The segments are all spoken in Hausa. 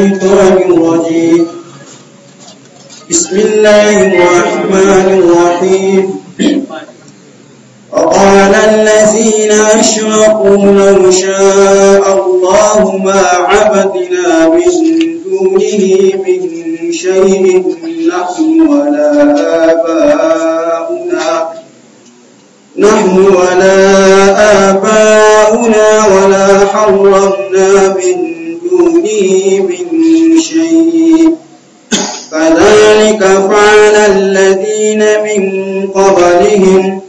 الشيطان الرجيم بسم الله الرحمن الرحيم وقال الذين أشركوا لو شاء الله ما عبدنا من دونه من شيء نحن ولا آباؤنا نحن ولا آباؤنا ولا حرمنا من دونه من شيء فذلك فعل الذين من قبلهم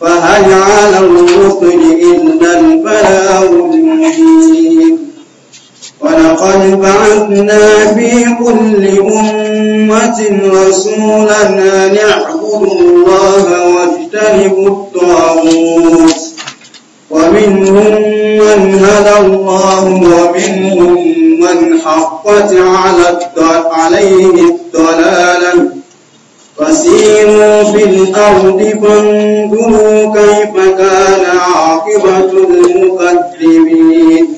فهل على الرسل إلا البلاغ المبين ولقد بعثنا في كل أمة رسولا أن اعبدوا الله واجتنبوا الطاغوت ومنهم من هدى الله ومنهم من حقت عليه الضلالة فسيروا في الأرض فانظروا كيف كان عاقبة المكذبين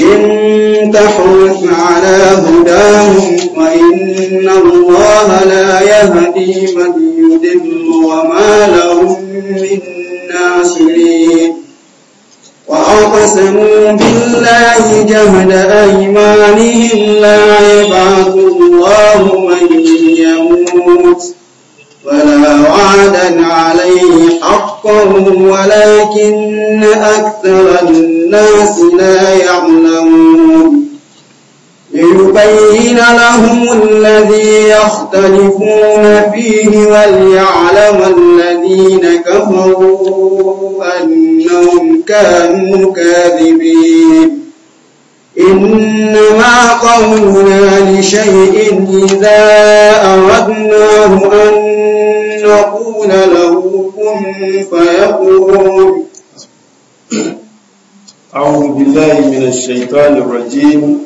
إن تحرث على هداهم فإن الله لا يهدي من يدل وما لهم من ناصرين وأقسموا بالله جهد أيمانهم لا يبعث الله من يموت ولا وعدا عليه حقا ولكن أكثر الناس لا يعلمون ليبين لهم الذي يختلفون فيه وليعلم الذين كفروا أنهم كانوا كاذبين إنما قولنا لشيء إذا أردناه أن نقول له كن فيقول أعوذ بالله من الشيطان الرجيم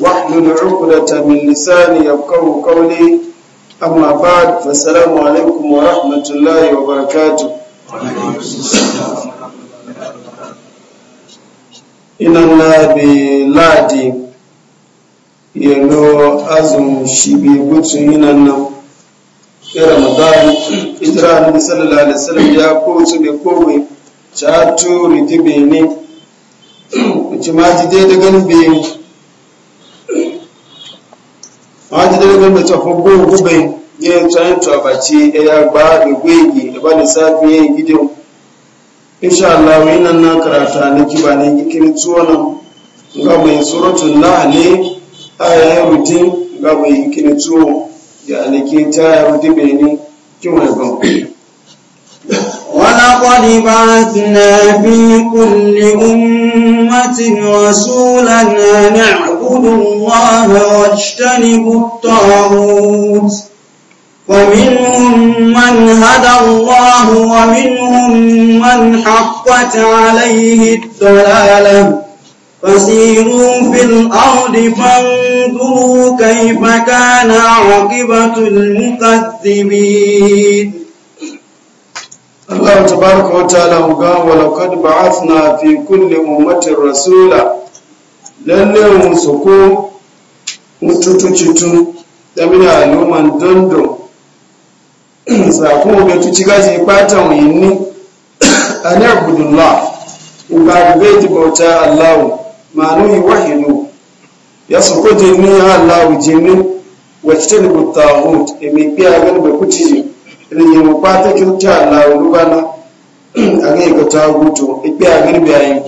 واحلل عقدة من لساني يفقه قولي أما بعد فالسلام عليكم ورحمة الله وبركاته إن الله بلادي يلو أزم شبي بوتو إن ya ramadan hijira annabi sallallahu alaihi wasallam ya kowace bai kowe ta turi dibe ne ci ji dai da ganin bai àwọn ti dẹ́rẹ́ gbẹ́gbẹ́ tó fún gbóngbóngbé yẹ tọ́yìntọ́ àbàtì ẹ̀yà gba ìgbé ìgbì ẹ̀bá lè sáfì yẹ ìgídé o insha na karata na kiba ne gikin tuwo nan ga mai suratun lahani ayayen rutin ga mai gikin tuwo ya ta ya ولقد بعثنا في كل أمة رسولا أن فاعبدوا الله واجتنبوا الطاغوت ومنهم من هدى الله ومنهم من حقت عليه الضلاله فسيروا في الأرض فانظروا كيف كان عاقبة المكذبين الله تبارك وتعالى قال ولقد بعثنا في كل أمة رسولا lalle soko mututucitu da mini al'umman dondo sakon ga tuci gaji fatan wuyinni a ne abudullah ugarbe ti bauta allahu ma'anu yi wahidu ya soko jini ya allahu jini wacce ne butahut emi biya gani bai e kuci rinye mu fata kyauta allahu rubana a ga ikata gutu ibi a gani bayan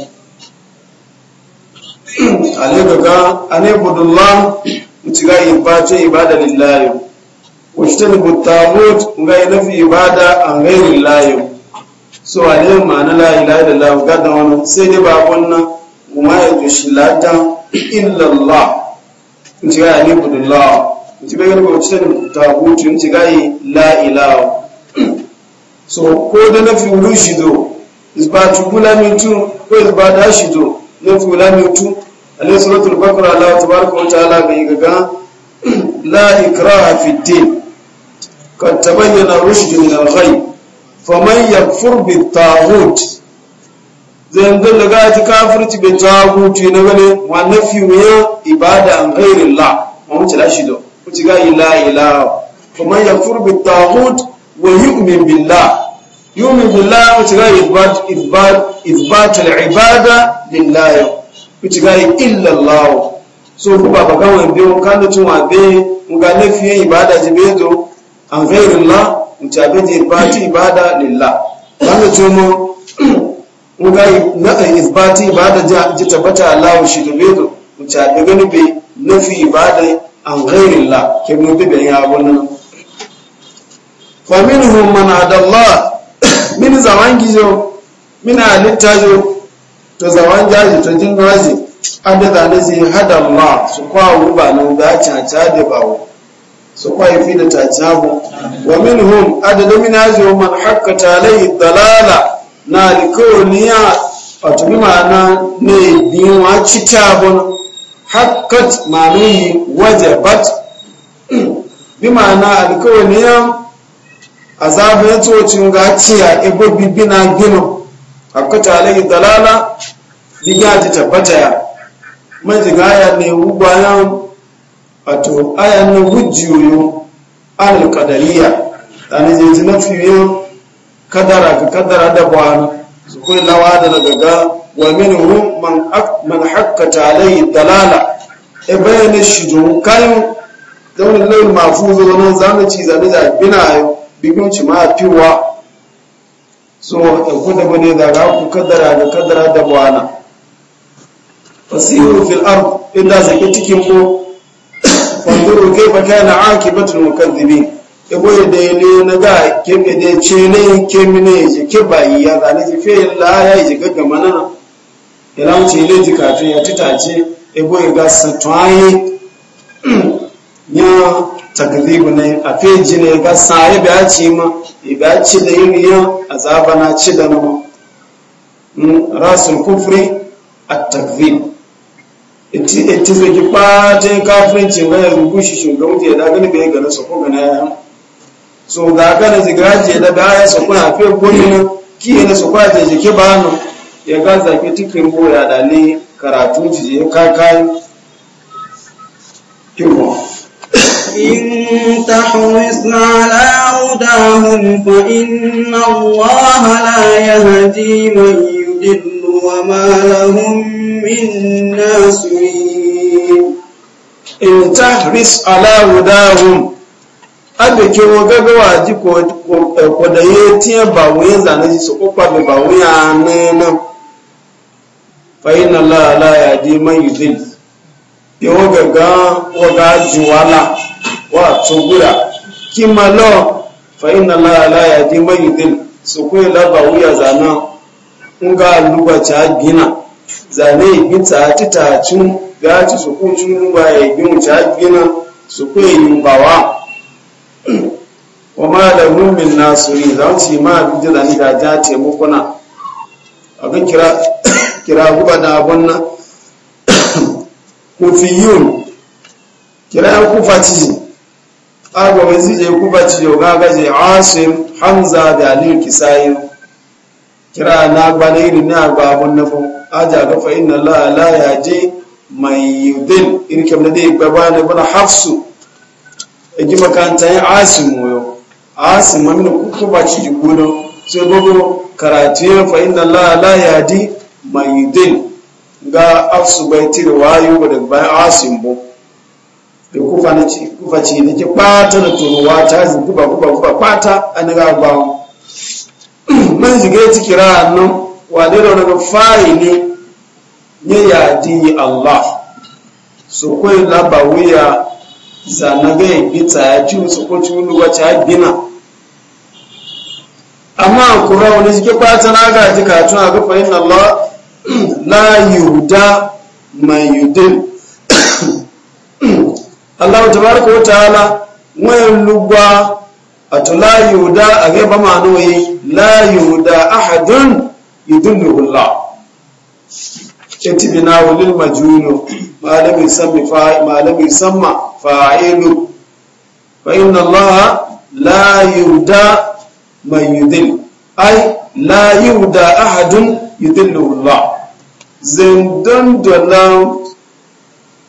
ale gaga ane budullah mutiga ibace ibada lillahi wajtani butawut ngai nafi ibada an ghairi lillahi so ale ma'ana la ilaha illallah gadan wani sai dai ba wannan kuma ya tushi ladan illallah mutiga ane budullah mutiga gaga wajtani butawut mutiga la ilaha so ko da nafi wuri shido ba tugula mitu ko ba da shido nafi wula mitu alai suratul bakara Allah tabaraka wa ta'ala bai gaga la ikraha fi din kad tabayyana rushd min al-ghay faman yakfur bi taghut zan da daga ta kafirci bi taghut ne gane wa nafi wa ibada an ghairillah mu ci lashi do ku ci ga ila ila faman yakfur bi taghut wa yu'min billah yu'min billah mu ci ga ibad ibad ibad al-ibada lillah mitigayi illallahu so ku baba kawai biyo kando tun wa be nga lafiyan ibada ji be do an ghairillah mutabe ji ibati ibada lillah kando tun mo nga na ibati ibada ji tabbata allah shi do be do mutabe gani be nafi ibada an la, ke mu be be ya wannan fa minhum man adallah min zawangijo min zo to zaman jaji to jin gwazi an da zane zai hada ma su kwawo ba nan ga caca da bawo su kwaye fi da caca bu wa min hum adada min haji wa man hakka talai dalala na alikawaniya a bi ma'ana ne biyu a ci tabon yi waje bat. bi ma'ana alikawaniya azabin tocin gaciya ebe bibina ginin hakkata alaihi dalala liya ji tabbata ya majiga aya ne wugwayan wato aya na wujjiyoyo alal kadariya ne ji na fiye kadara ka kadara da bwana su kai lawa da daga wa minhum man man hakkata alaihi dalala e bayani don kayan daunin lawal mafuzo nan zanaci zane da bina ci ma fiwa so ku da bane da ga ku kaddara ga kaddara da buwana fasiru fil ard inda zaki cikin ku fanduru batun kana akibatul mukaththibin da ya ne na ga kebe da ce ne ya ce ke bayi ya da ne fe la ya je gaga mana ila wuce ce ji kafin ya titace ebo ga satwaye ya takzibu ne a feji ne ga sai ba ci ma ba ci da yin yan azaba na ci da mu hmm, rasul kufri at takzib iti iti zai ki fata kafirci mai ya rubushi don ke da gani bai gana su kuma na ya so ga gane zigaje da baya su kuna fe gudunan ki ne su kwaje jike ba nan ya ga zafi tikin boya da ne karatu kai kakai kiwo إن تحرصن على هداهم فإن الله لا يهدي من يدل وما لهم من ناصرين إن تحرص على هداهم abeke wo gẹ́gẹ́ wà jí kọ̀dà yé tí ẹ bà wọ́n yẹn zànà yìí sọ́kọ́ pàbí bà wọ́n yẹn àná fa fàyín náà láàlá ya mọ́ yìí dé yìí wọ́n gẹ̀gán wọ́n gá jù wàhálà wa tsogura ma law fa inna allaha la yahdi man yudil so ko la ba wuya zana nga luba ta gina zane yi ta ti ta cin ga ci su ko cin luba ya bi ta gina su ko yin bawa wa ma da min nasuri za ci ma bi da ni da ja ce mukuna abin kira kira guba da nan kufiyun kira kufa ci agwa mai zije kuba ci yau ga gaje asim hamza da aliyu kisayin kira na gbana irin na gba na fun aja ga fa inna la la ya je mai yudin in kam da dai gbaba ne bana hafsu e ji makanta yin asim wayo asim mamin kuba ci ji gudu sai gogo karatu ya fa inna la la ya di mai yudin ga afsu bai tiri wayo da bayan asim bu da kufa ce da ke ɓata da turuwa ta ji kuba kuba kuba ɓata a naga bawa man zige ci kira nan wadai da wani fari ne ya yadi allah so kwai laba wuya zanaga ya bita ya ci su ko ci wuluwa ci ya gina amma kura wani zike ɓata na ga ji ga fahimta allah la yuda mai yudin Allah tabaraka wa ta'ala wayan lugwa ato la yuda a ma no yi la yuda ahadun yudullu Allah itibina walil majunu malami sammi fa malami samma fa'ilu fa inna Allah la yuda man yudil ai la yuda ahadun yudillu Allah zindan dunan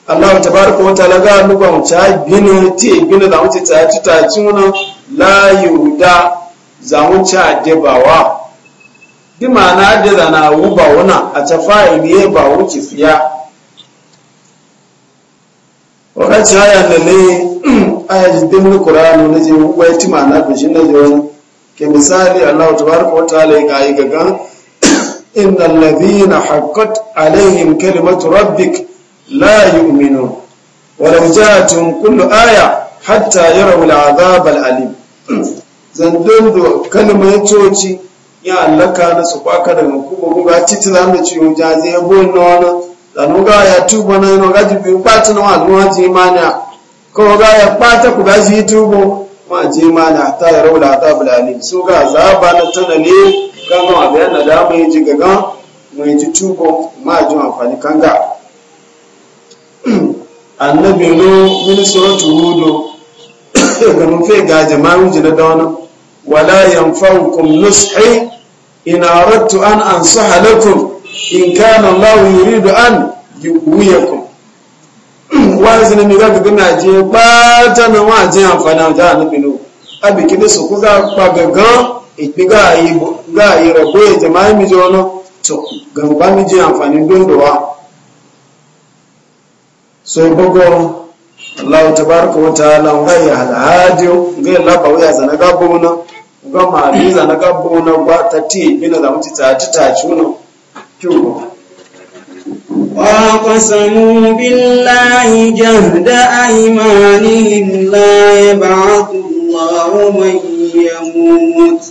Allah ta baraka wata laga nuka mu ta gina ti gina da mu ta ci ta ci mun la yuda za mu ta debawa bi ma'ana da da na wu ba wana a ta fa'ili ba wu ki fiya wannan ci haya da ne aya ji din Qur'ani ne je wu ti ma'ana da shi ne je ke misali Allah ta baraka wata laga yi gagan inna ladhina haqqat alaihim kalimatu rabbika la yu'minu walau ja'atun kullu aya hatta yarawu al'azab al'alim zandon do kalmar coci ya allaka na su kwaka daga kuma kuma titi za mu ciwo jaze ya bon na wani zanu ga ya tuba na yana gaji biyu kwata na wani waje mana kawo ga ya kwata ku gaji tubo waje mana ta ya raula ta bulali su ga zaba na tana ne gama abin da dama ya ji gaga mai ji tubo ma ji amfani kanga annabi lo min suratu hud da mun fe ga jama'u ji da wani wala yanfa'ukum nushi in aradtu an ansaha lakum in kana Allah yuridu an yuwiyakum wazi ne ga ga na je ba ta na wa je amfana ta annabi lo abi kini su ku ga pa gaga ga yi ga yi rabo jama'i mi jono to gamba mi je amfani don do wa sun bugu Allah ta baraka wata ala wani al'adiyo ga yin laba wuya zana gabo na ga ma'adu zana gabo na ba ta ti bina da mutu ta ci ta ci wuna kyogo wa kwasamu billahi jahda aimani la ya ba'atu Allahu mai yamut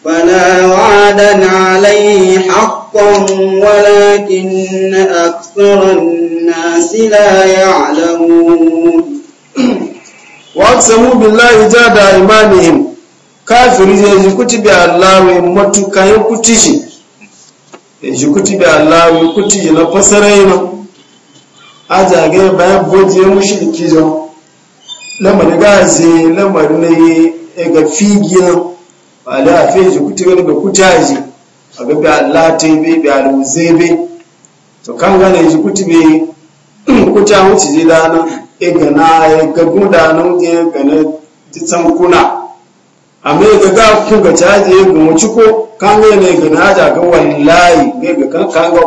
bala wadan alaihi haqqa حقا ولكن أكثر الناس لا يعلمون وأقسموا بالله جاد إيمانهم كافر zai jikuti bi allawi matuka ya kuti shi jikuti bi allawi kuti bayan boji ya mushi da kijo lamarin gazi lamarin ne ga figiyan ba da a fi jikuti wani ga kutaji aga bi allate be bi aluze be to kanga gane ji kuti be kuta wuce ji dana e gana e ga guda nan e gana titsan kuna a e ga ga ku ga caji e ga ciko ko kanga ne ga na ja ga wallahi ne ga kan kanga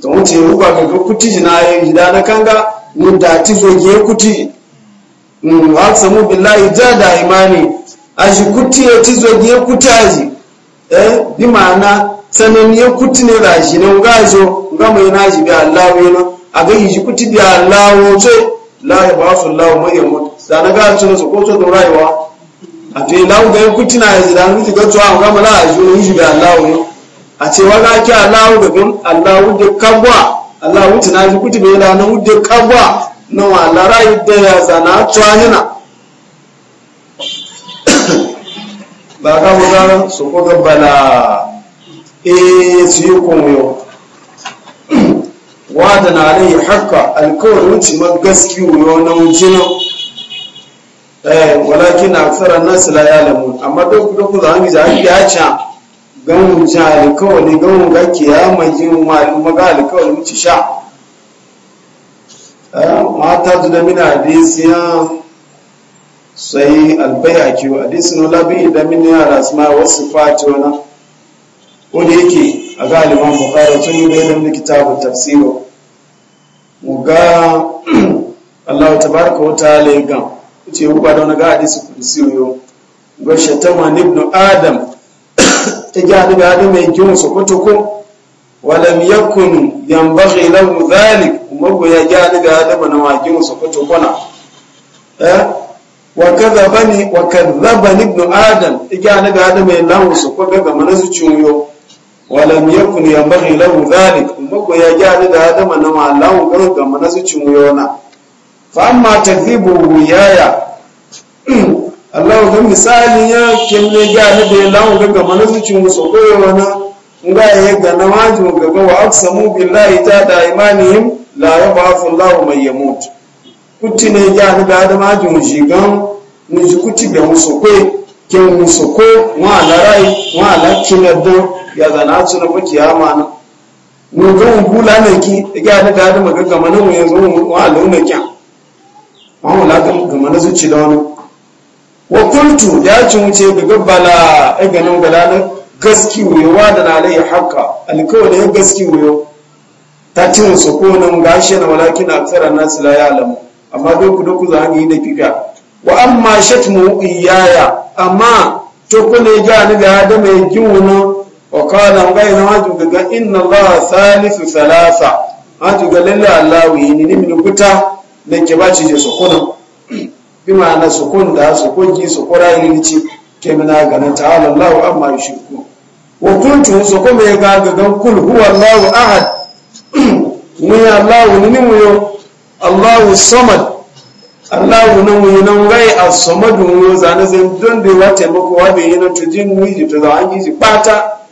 to wuce ruba ga kuti ji na yi e ji dana kanga mu da ti zo ge kuti mun mm, wa samu billahi jada imani aji kuti ya e ti zo ge kutaji eh bi ma'ana sanan ya kuti ne da shi ne ga zo ga mai na shi bi Allah wai no a ga shi kuti bi Allah wo la ya ba su Allah mai yamu da na ga cin su ko to rayuwa a ce lawo ga kuti na shi da ni ga to an ga mala a shi shi bi Allah wo a ce wa ga ki Allah ga bin Allah da kabwa Allah wuti na shi kuti bi da na wuti kabwa no wa la rayu da ya sana to hina baga wuga su kuga bala e su yi kunwiyo wada na alayi haka alkawar wuce ma gaski wuyo na wujina eh, walaki na tsara nasu la yalamu amma duk duk za mu za ki yaca gan wuce alkawar gan ganin ke ya maji maluma ga alkawar wuce sha eh, mata da mina hadisi sai albayaki wa hadisin labi da min yara asma wasu fati wani wanda yake a galiban bukari tun yi bayan da kitabun tafsiro mu ga allahu tabaraka wa ta'ala ya ce yi ba da wani ga hadisi kudisi siyo ga shatama ibn adam ta ga hadu ga mai kiwon su kutuku walam yakun yambaghi lahu dhalik kuma ya ga hadu ga hadu na wa gina su kutukuna eh wa kadhabani wa kadhabani ibn adam iga na ga adam ya lawo su ko ga mana su ciwo wa lam yakun yanbaghi lahu dhalik umma ko ya ga da adam na ma lawo ga mana su ciwo na fa amma takdhibu yaya Allah ga misali ya kenne ga ni da lawo ga ga mana su ciwo so ko yana nga ya ga na wajin ga wa aqsamu billahi ta da imanihim la yabafu Allah man yamut kuti ne ya ni ba da majin gan ni shi kuti da musu kwe ke musu ko wa la rai wa la kina do ya zana ci na baki ya mana mu ga mu bula ne ki e ga da da da maga kamar mu yanzu mu wa la ne kya ma mu la ga kamar zuci da wani wa qultu ya ci mu ce ga bala e ga nan gaskiya ne wa da na lai hakka alkawari ya gaski wa ta ci musu ko nan gashi na walakin aksara nasu la ya alamu amma doku doku za ni na kika wa amma shatmu iyaya amma to kone ga ni ga da mai kiwuno wa kana ngai na waju ga inna allah salisu salasa waju ga lalla allah wi ni ni min kuta da ke baci je sokona bi ma'ana sokon da sokoki sokora ni ci ke mina ga na ta'ala allah amma yushriku wa kuntu sokome ga ga dan kul huwa allah ahad ni allah ni ni mu yo Allahu samad Allahu nan wuyi nan gai a Samadun wuyo zane zai don da yawa taimakowa bai yi na tujin wiji to za an yi ji bata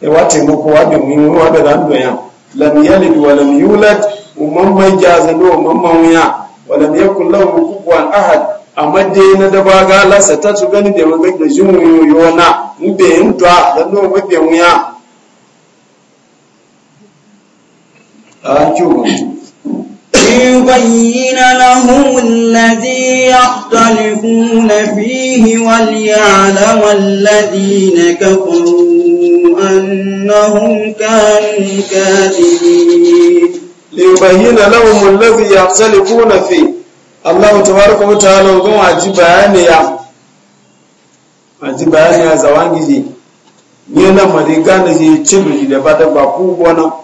yawa taimakowa bai yi wa da zan doya lam yalid wa lam yulad umman mai jazi no mamman wuya. wa lam yakul lahu kufuwan ahad amma dai na da ba ga lasa ta su gani da magai da jin wuyo na mu bai yin to da no mu bai wuya a kiwo وليبين لهم الذي يختلفون فيه وليعلم الذين كفروا أنهم كانوا كاذبين ليبين لهم الذي يختلفون فيه الله تبارك وتعالى وقوم عجيب آنيا عجيب آنيا زوانجي ينا da جي ce da ba da ba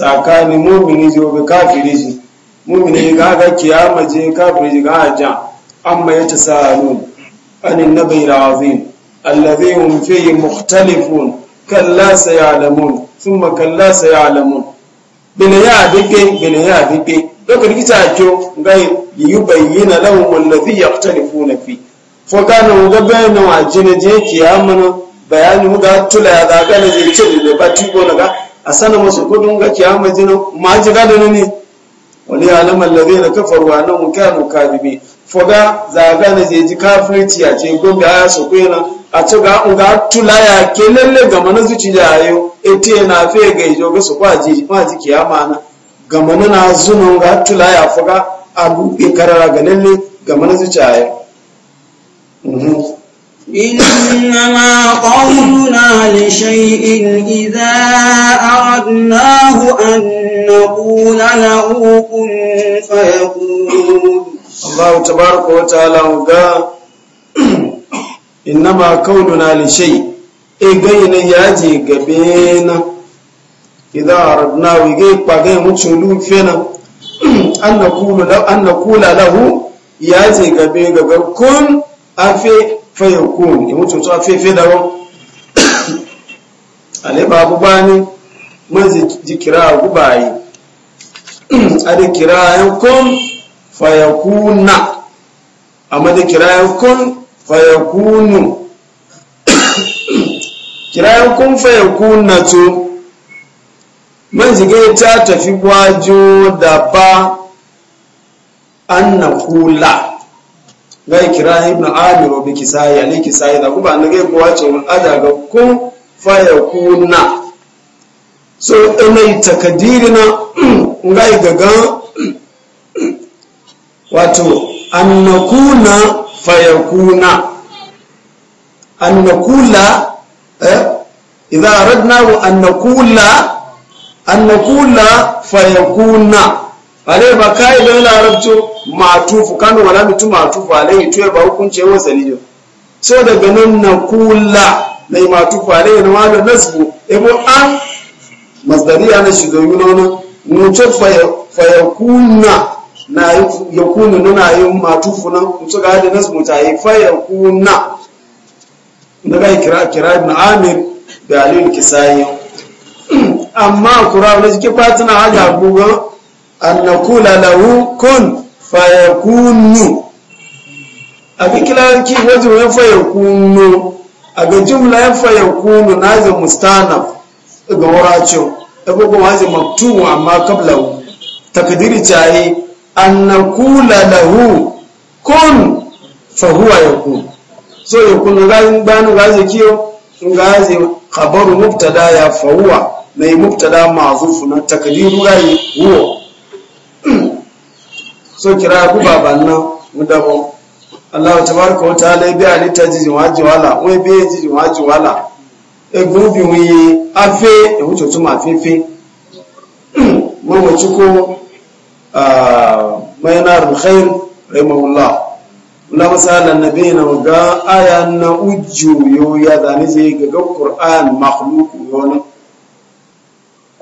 tsakanin mumini ji ga kafiri ji mumini ga ga kiyama je kafiri ji ga aja amma ya tasalu anin nabiyil azim alladhi hum yi mukhtalifun kalla sun ma kalla sayalamun bin ya dike bin ya dike yi kita kyo ngai yubayyana ya kutalifu na fi fo kana ga bayanu ajine je kiyama no bayani mu ga tula ya zagana zai ce da batu ko na ga A asana masu kudin ga kiyama jina ma ji gada ne ne wani alamar lare na kafar wa nan kanu foga zaga na je ji kafirci a ce gombe a su kwena a ci ga unga tula ya ke lalle ga mana zuci da yayo ete na fe ga ijo ga su kwaji ma ji kiyama na ga mana na zuna ga tula ya foga a buɗe karara ga lalle ga mana zuci a yayo mhm. إنما قولنا لشيء إذا أردناه أن نقول له كن فيقول الله تبارك وتعالى قال إنما قولنا لشيء إيجينا يأتي قبينا إذا أردناه إيجي قبينا متشلون فينا أن نقول له يأتي قبينا قبينا كن أفي fayakun ìmútùtù afẹ́fẹ́ dáwọ́ alẹ́bà agbúgbá ní mọ́sí jí kìrá agbúgbà yìí adé kìrá yankun fayakuna amadé kìrá yankun fayakunu kìrá yankun fayakuna tó mọ́sí gẹ́ ta tafi wájú da ba an na gai kira ibn amiro bi kisaya ali kisaya da kuma an gai kuwa ce mun ada ga kun faya kuna so ina takadiri na gai daga wato annakuna faya kuna eh faya kuna ale ba kai da larabto matufu kanu wala mutu matufu alai ito ba hukunce wa jo so daga nan na kula mai matufu alai na wala nasbu ebo an masdariya na shi domin na? mutu kuna na ya kuna nuna yi matufu na. mutu ga da nasbu ta yi fayakuna daga kira kira na amir da aliyu kisayi amma kura ne jike fatina haja gugu an na kula lahu kun fayakunu a ga kilarki wajen ya fayakunu a ga jumla ya fayakunu na zai mustana ga wuracin ɗagogo wajen maktubu amma kablahu takadiri cayi an na kula lahu kun fahuwa kunu. so ya kunu rayin banu gazi kiyo gazi khabaru mubtada ya fahuwa na yi mubtada ma'azufu na takadiru rayi huwa so kira ku baban nan mu dabon Allah tabaraka wa ta'ala bi alita jiji wa jiwala we bi jiji wa jiwala e egun bi wi afe e wucho tuma fefe mo mo chuko ah mayanar khair rahimahullah na misalin na bai na ga aya na uju yo ya zane ce ga ga ƙur'an yo ne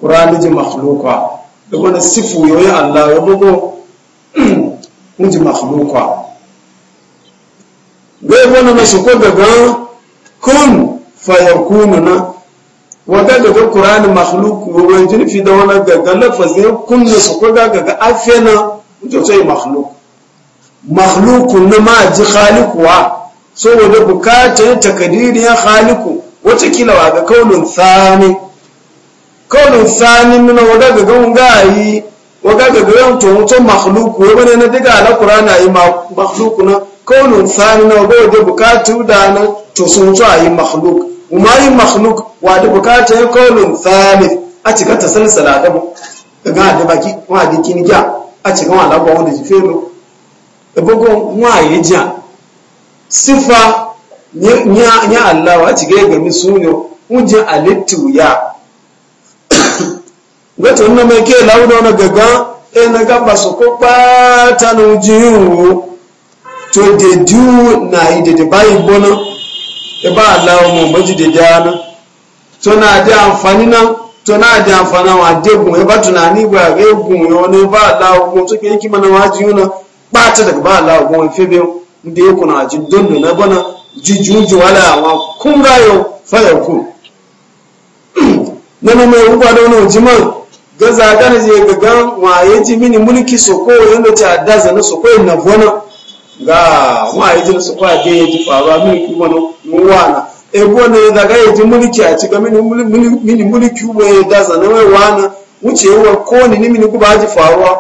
qur'an ji makhluka da wannan sifu yoyi allah ya bugo mun ji makhluqa bai wani na shi ko daga kun fayakunu na wata daga ƙuranin makhluk wurin jirfi da wani daga lafazin kun na su koga ga afena to sai makhluk makhlukun na ma ji khaliq wa so halikuwa saboda bukatar takadiriyar haliku watakila wa ga kaunin sani kaunin sani nuna wada ga gungayi waga ga gayan to mutum makhluku wai bane na diga ala qur'ana yi makhluku na kaunun sani na go da bukatu da na to sun mutu a yi makhluk umma yi makhluk wa da bukata ya kaunun sani a cika ta salsala da mu daga da baki wa da kini ja a cika wa labo wanda ji fero da bugo wa yi ja sifa nya nya Allah wa cika ga mi sunyo mun je alittu ya goto nna mai ke lauda na gaga e na gaba su ko to de du na ide de bayi bona e ba Allah mu baji de to na de amfani na to na de amfani wa de gun e ba tunani gun yo e ne e ba to ke na daga ba e fe be inde ko na ji dondo na bona jijuju wala wa kunga yo fa gaza gana je ga gan waye ji mini mulki soko yanda ta daza na soko na bona ga waye ji soko a ga ji faruwa mini kuma mun wana e bona da ga ji mulki a ci ga mini mini mulki wa ya daza na wai wana wuce wa ko ni ni mini ku ba ji faruwa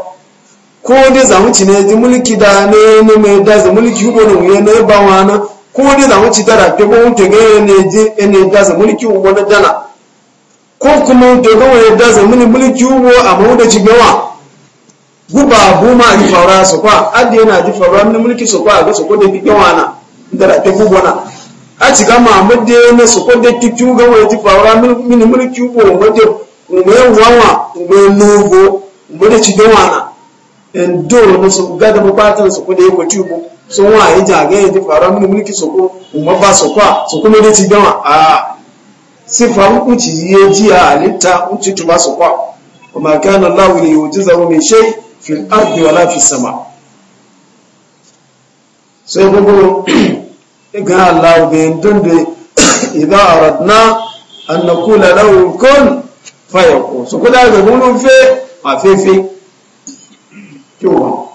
ko dai za mu ci ne ji mulki da ne ne mai daza mulki ku bona mu ne ba wana ko dai za mu ci dara pe ko mu te ne ji ne daza mulki ku bona dana ko kuma to kawai yadda zamani mulki hugo a mawuda cigawa guba buma a ji su kwa adi yana ji faura na mulki su kwa ga su kwa da kigawa na da ta gubo na a ciga mahamud da na su kwa da kiki ga wani ji faura mini mulki hugo wadda umayen wawa umayen nugo da cigawa na in dole na su gada bukatar su kwa da ya tubo hugo sun wa yi jagayen ji faura mini mulki su kwa umar ba su kwa su kuma da cigawa a sifa hukunci ya ji a halitta hukunci tuma su kwa wa ma kana Allah li yujizahu min shay fil ardi wala fi sama sai gogo ga Allah be dunde idan aradna an naqula lahu kun fayakun so kuda ga gunun fe ma fefe kiwa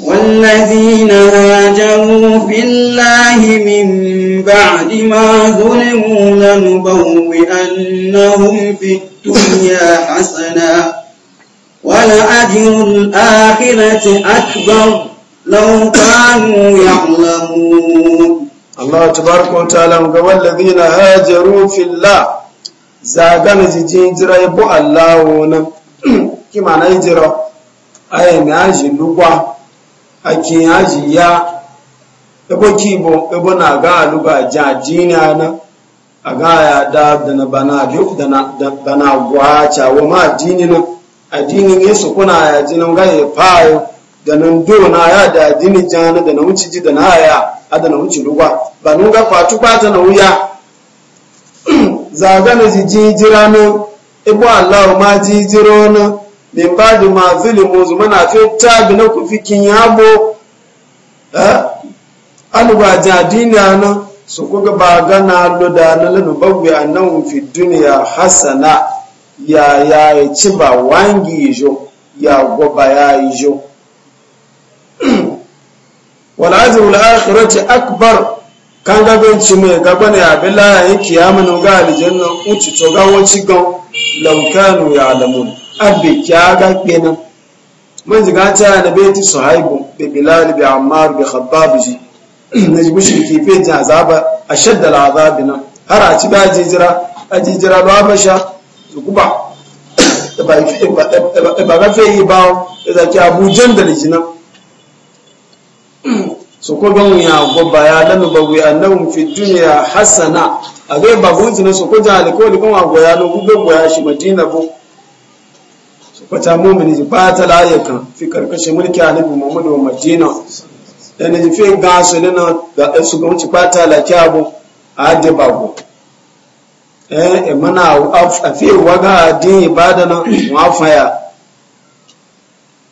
والذين هاجروا في الله من بعد ما ظلموا لنبوئنهم في الدنيا حسنا ولأجر الآخرة أكبر لو كانوا يعلمون الله تبارك وتعالى والذين هاجروا في الله زاغان جيجين جرى يبو الله كما نجرى أي ناجي لقوا a kiyaji ya ebo bo, ebo na ga aluba jajina na aga ya da da na bana duk da na da na gwacha wo ma dini na ne su kuna ya jini ga ya fayo da nan do na ya da jini jana da na wuci ji da na ya ada na wuci ruwa ba nun ga kwatu kwata na wuya ga na ji jira no ebo Allah ma jiro na min ba'di ma zulimu zumana fi tabi na ku fikin yabo eh alu ba jadina na su kuga ba gana lo da na lanu bagwe annan fi duniya hasana ya ya ci ba wangi jo ya goba ya yi jo wal azul akhirati akbar kan gaban ci mai gaba ne abin layayin kiyamun ga aljanna uci to gawo ci gan lamkanu ya abe kyaga Mun man jiga ta na beti sahibu bi bilal bi ammar bi khabbab ji ne ji mushriki fe ji azaba ashadda al azab nan har a ci ba jijira a jijira ba basha zukuba ba ga fe yi ba da ki abujan da ji nan so ko ban ya gobba ya lamu ba wi annahum fi dunya hasana a ga ba buji na so ko ja alkoli kuma goya no gube goya shi madina ko. fata mumini ji bata layakan fi karkashin mulki annabi muhammadu wa madina da na fi ga su ne na ga su ga wuce ta laki abu a hadi bago eh e mana a fi waga din ibada na faya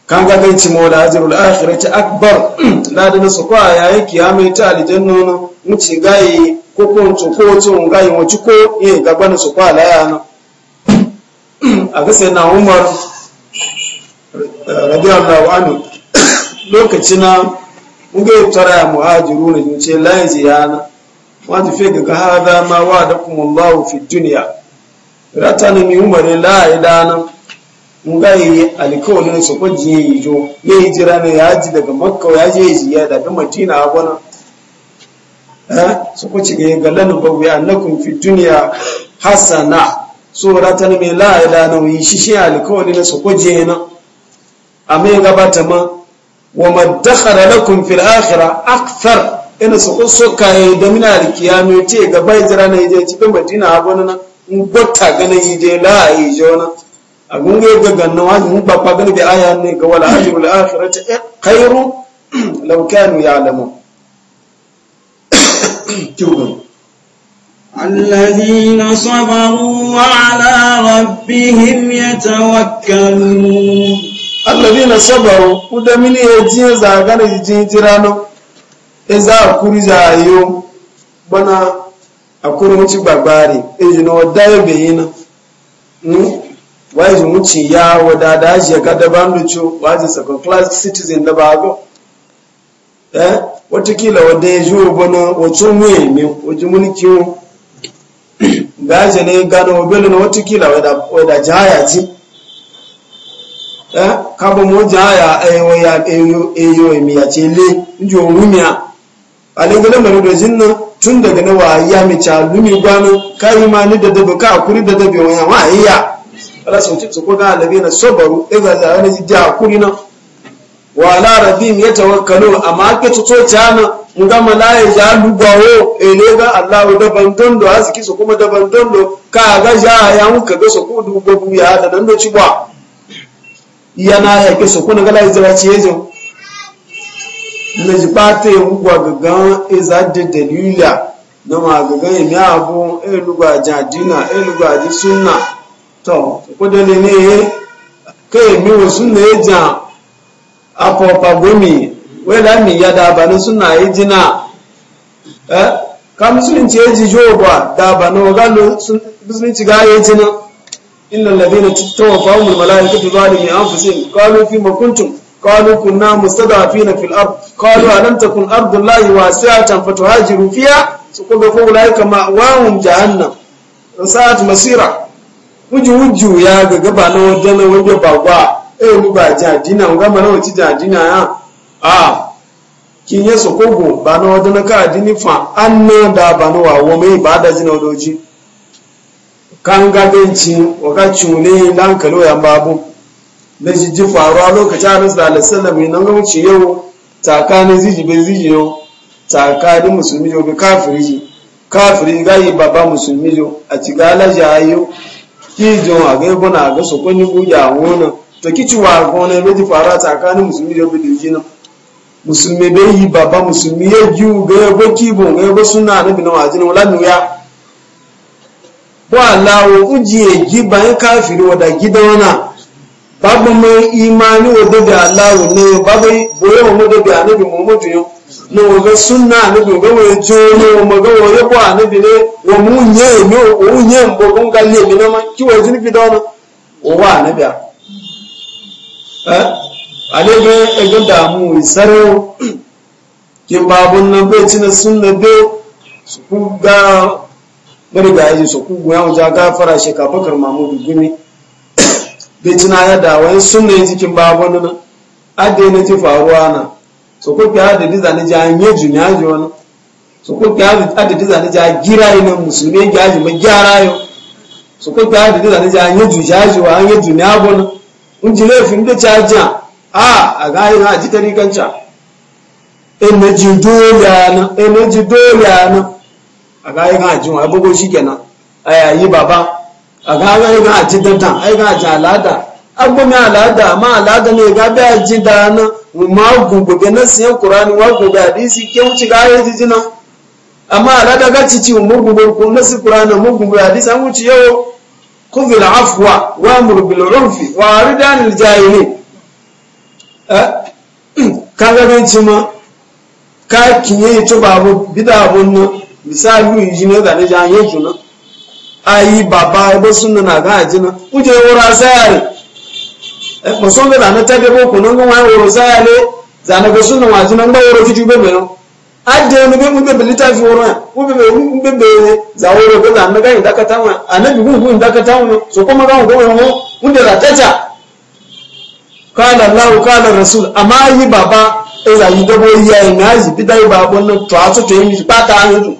kan ga ganci mawla ajrul akhirati akbar Na da su kwa yi kiyama ta aljanna na wuce gayi ko ko ko wun gayi wuce ko yi gaba na su kwa laya yana a ga sai na umar radiyallahu anhu lokaci na muga tara ya muhajiru ne ce la ziyana wanda fe ga hada ma wa da kuma Allah fi dunya ratana mi umare la idana muga yi alkawalin su ko je yi jo ne hijira ne ya ji daga makka ya je ziyara daga madina a gwana eh su ko ci ga galan bawi annakum fi dunya hasana so ratana mi la idana yi shi shi alkawalin su ko je na amma ya gabata ma wa madakhara lakum fil akhira akthar ina su kusa kai da mina alkiyami ce gaba ya jira na je cikin madina gona na in gotta gana je la yaje a abun ga ga ganna wani mun ba fa gani bi aya ne ga wal ajrul akhirati eh, khairu law kanu ya'lamu الذين صبروا على ربهم يتوكلون alladhina sabaru kuda mini ejiye zagana jijin tirano eza akuri zayo bana akuri muci gbagbari eji na wada ebe yina waje muci ya wada da ajiye ka da ban wa ji second class citizen da bago eh watakila wada ya juwa bana wato muye ne waje mulki wo da ajiye ne gano obele na watakila wada jaya ji kabo moja haya eyo ya eyo eyo emiya chele ndi owumia alengele marudo zinna tun daga na waya mi cha lumi gwanu kai ma ni da da ka kuri da da bi waya wa iya ti so na sobaru ega za a kuri na wa ala rabbim yatawakkalu amma aziki ka ga ja ya mu ka ga da dando ci yana ya ke so kuna gala izira ce yazo na ji bata ya gugwa gagan iza e da dalila na ma gagan ya miya abu irin e lugwa jadina irin e lugwa ji to kudu ne ne mi wa sunna ya ja apopa gomi mi ya da ba ya jina eh ka ya ji jo ba da ba musulunci ga ya jina إن الذين توفاهم الملائكة ظالمي أنفسهم قالوا فيما كنتم قالوا كنا مستضعفين في الأرض قالوا ألم تكن أرض الله واسعة فتهاجروا فيها سقوا فأولئك مأواهم جهنم وساءت masira. wuju wuju ya ga ba na wajen na wajen bagwa eh mu ba jadina mu gama na wace jadina ya a kin yeso kogo ba na wajen na ka adini fa an na da ba na wa wa ba da jina wadoji kanga benci waka cune nan kalo ya babu na jiji faruwa lokacin annabi sallallahu alaihi wasallam nan wuce yau tsakanin ziji be ziji yau tsakanin musulmi yau be kafiri kafiri gayi baba musulmi yau a ci ga alaja ayo ki jo a ga gona ga so ko ni wona to ci wa gona be ji faruwa tsakanin musulmi yau be diji nan musulmi be yi baba musulmi yau ji ga ba kibon ga ba sunna bi na wajin wala nuya wala wa ujiye gibayin kafiri wada gida wana babu mai imani wa dabi Allah ne babu boye wa dabi annabi Muhammadu yau na waga sunna annabi ga wa jono wa maga wa yabo annabi ne wa munye ne wa unye mbo galle ne ma ki wa jin fi dawana wa wa annabi eh ale e ga ga da ki babun nan bai cin sunna be su ku ga marigayi su ku goya wajen gafara shi kafakar mamudu gini bai tuna ya da wani sunna yin jikin babu nan adda na ci faruwa na su ku fiye da diza na jahan yi juniya ji wani su ku fiye da diza na jahan gira yi nan musulmi ya ji ma gyara yau su ku fiye da diza na jahan yi juniya ji wa an yi juniya bu in ji laifin da ja a a gayi na a ji tarikanca in na ji dole na in na ji dole na a ga ayyukan ajin wa bugu shi kenan a yayi baba a ga ayyukan ajin yi ayyukan ajin al'ada agbami al'ada ma al'ada ne ga bi ajin da na ma gungobe na siyan kurani wa gobe hadisi ke wuce ga ayyukan jijina amma al'ada ga cici mu gungobe ko na si kurani mu gugu hadisi an wuce yau خذ العفو وامر بالعرف واعرض عن الجاهلين kaga ganci ma ka kinye to babu bida abun nan misali yi jini da ne jan yi juna ayi baba ba suna na ga jina kuje wura sayare e eh, mo so da na tabe ko kuno ngwa wura sayare za na ga sunna wa jina ba wura fiju jube me adde no be mu be belita fi wura mu be mu be be za wura ko da na ga inda ka tawa anabi bi gugu inda ka tawa so kuma ga ngo wo mu da tata kala Allah kala rasul amma yi baba e za yi dabo yi ayi na yi bidai babon nan to a to yi pata an yi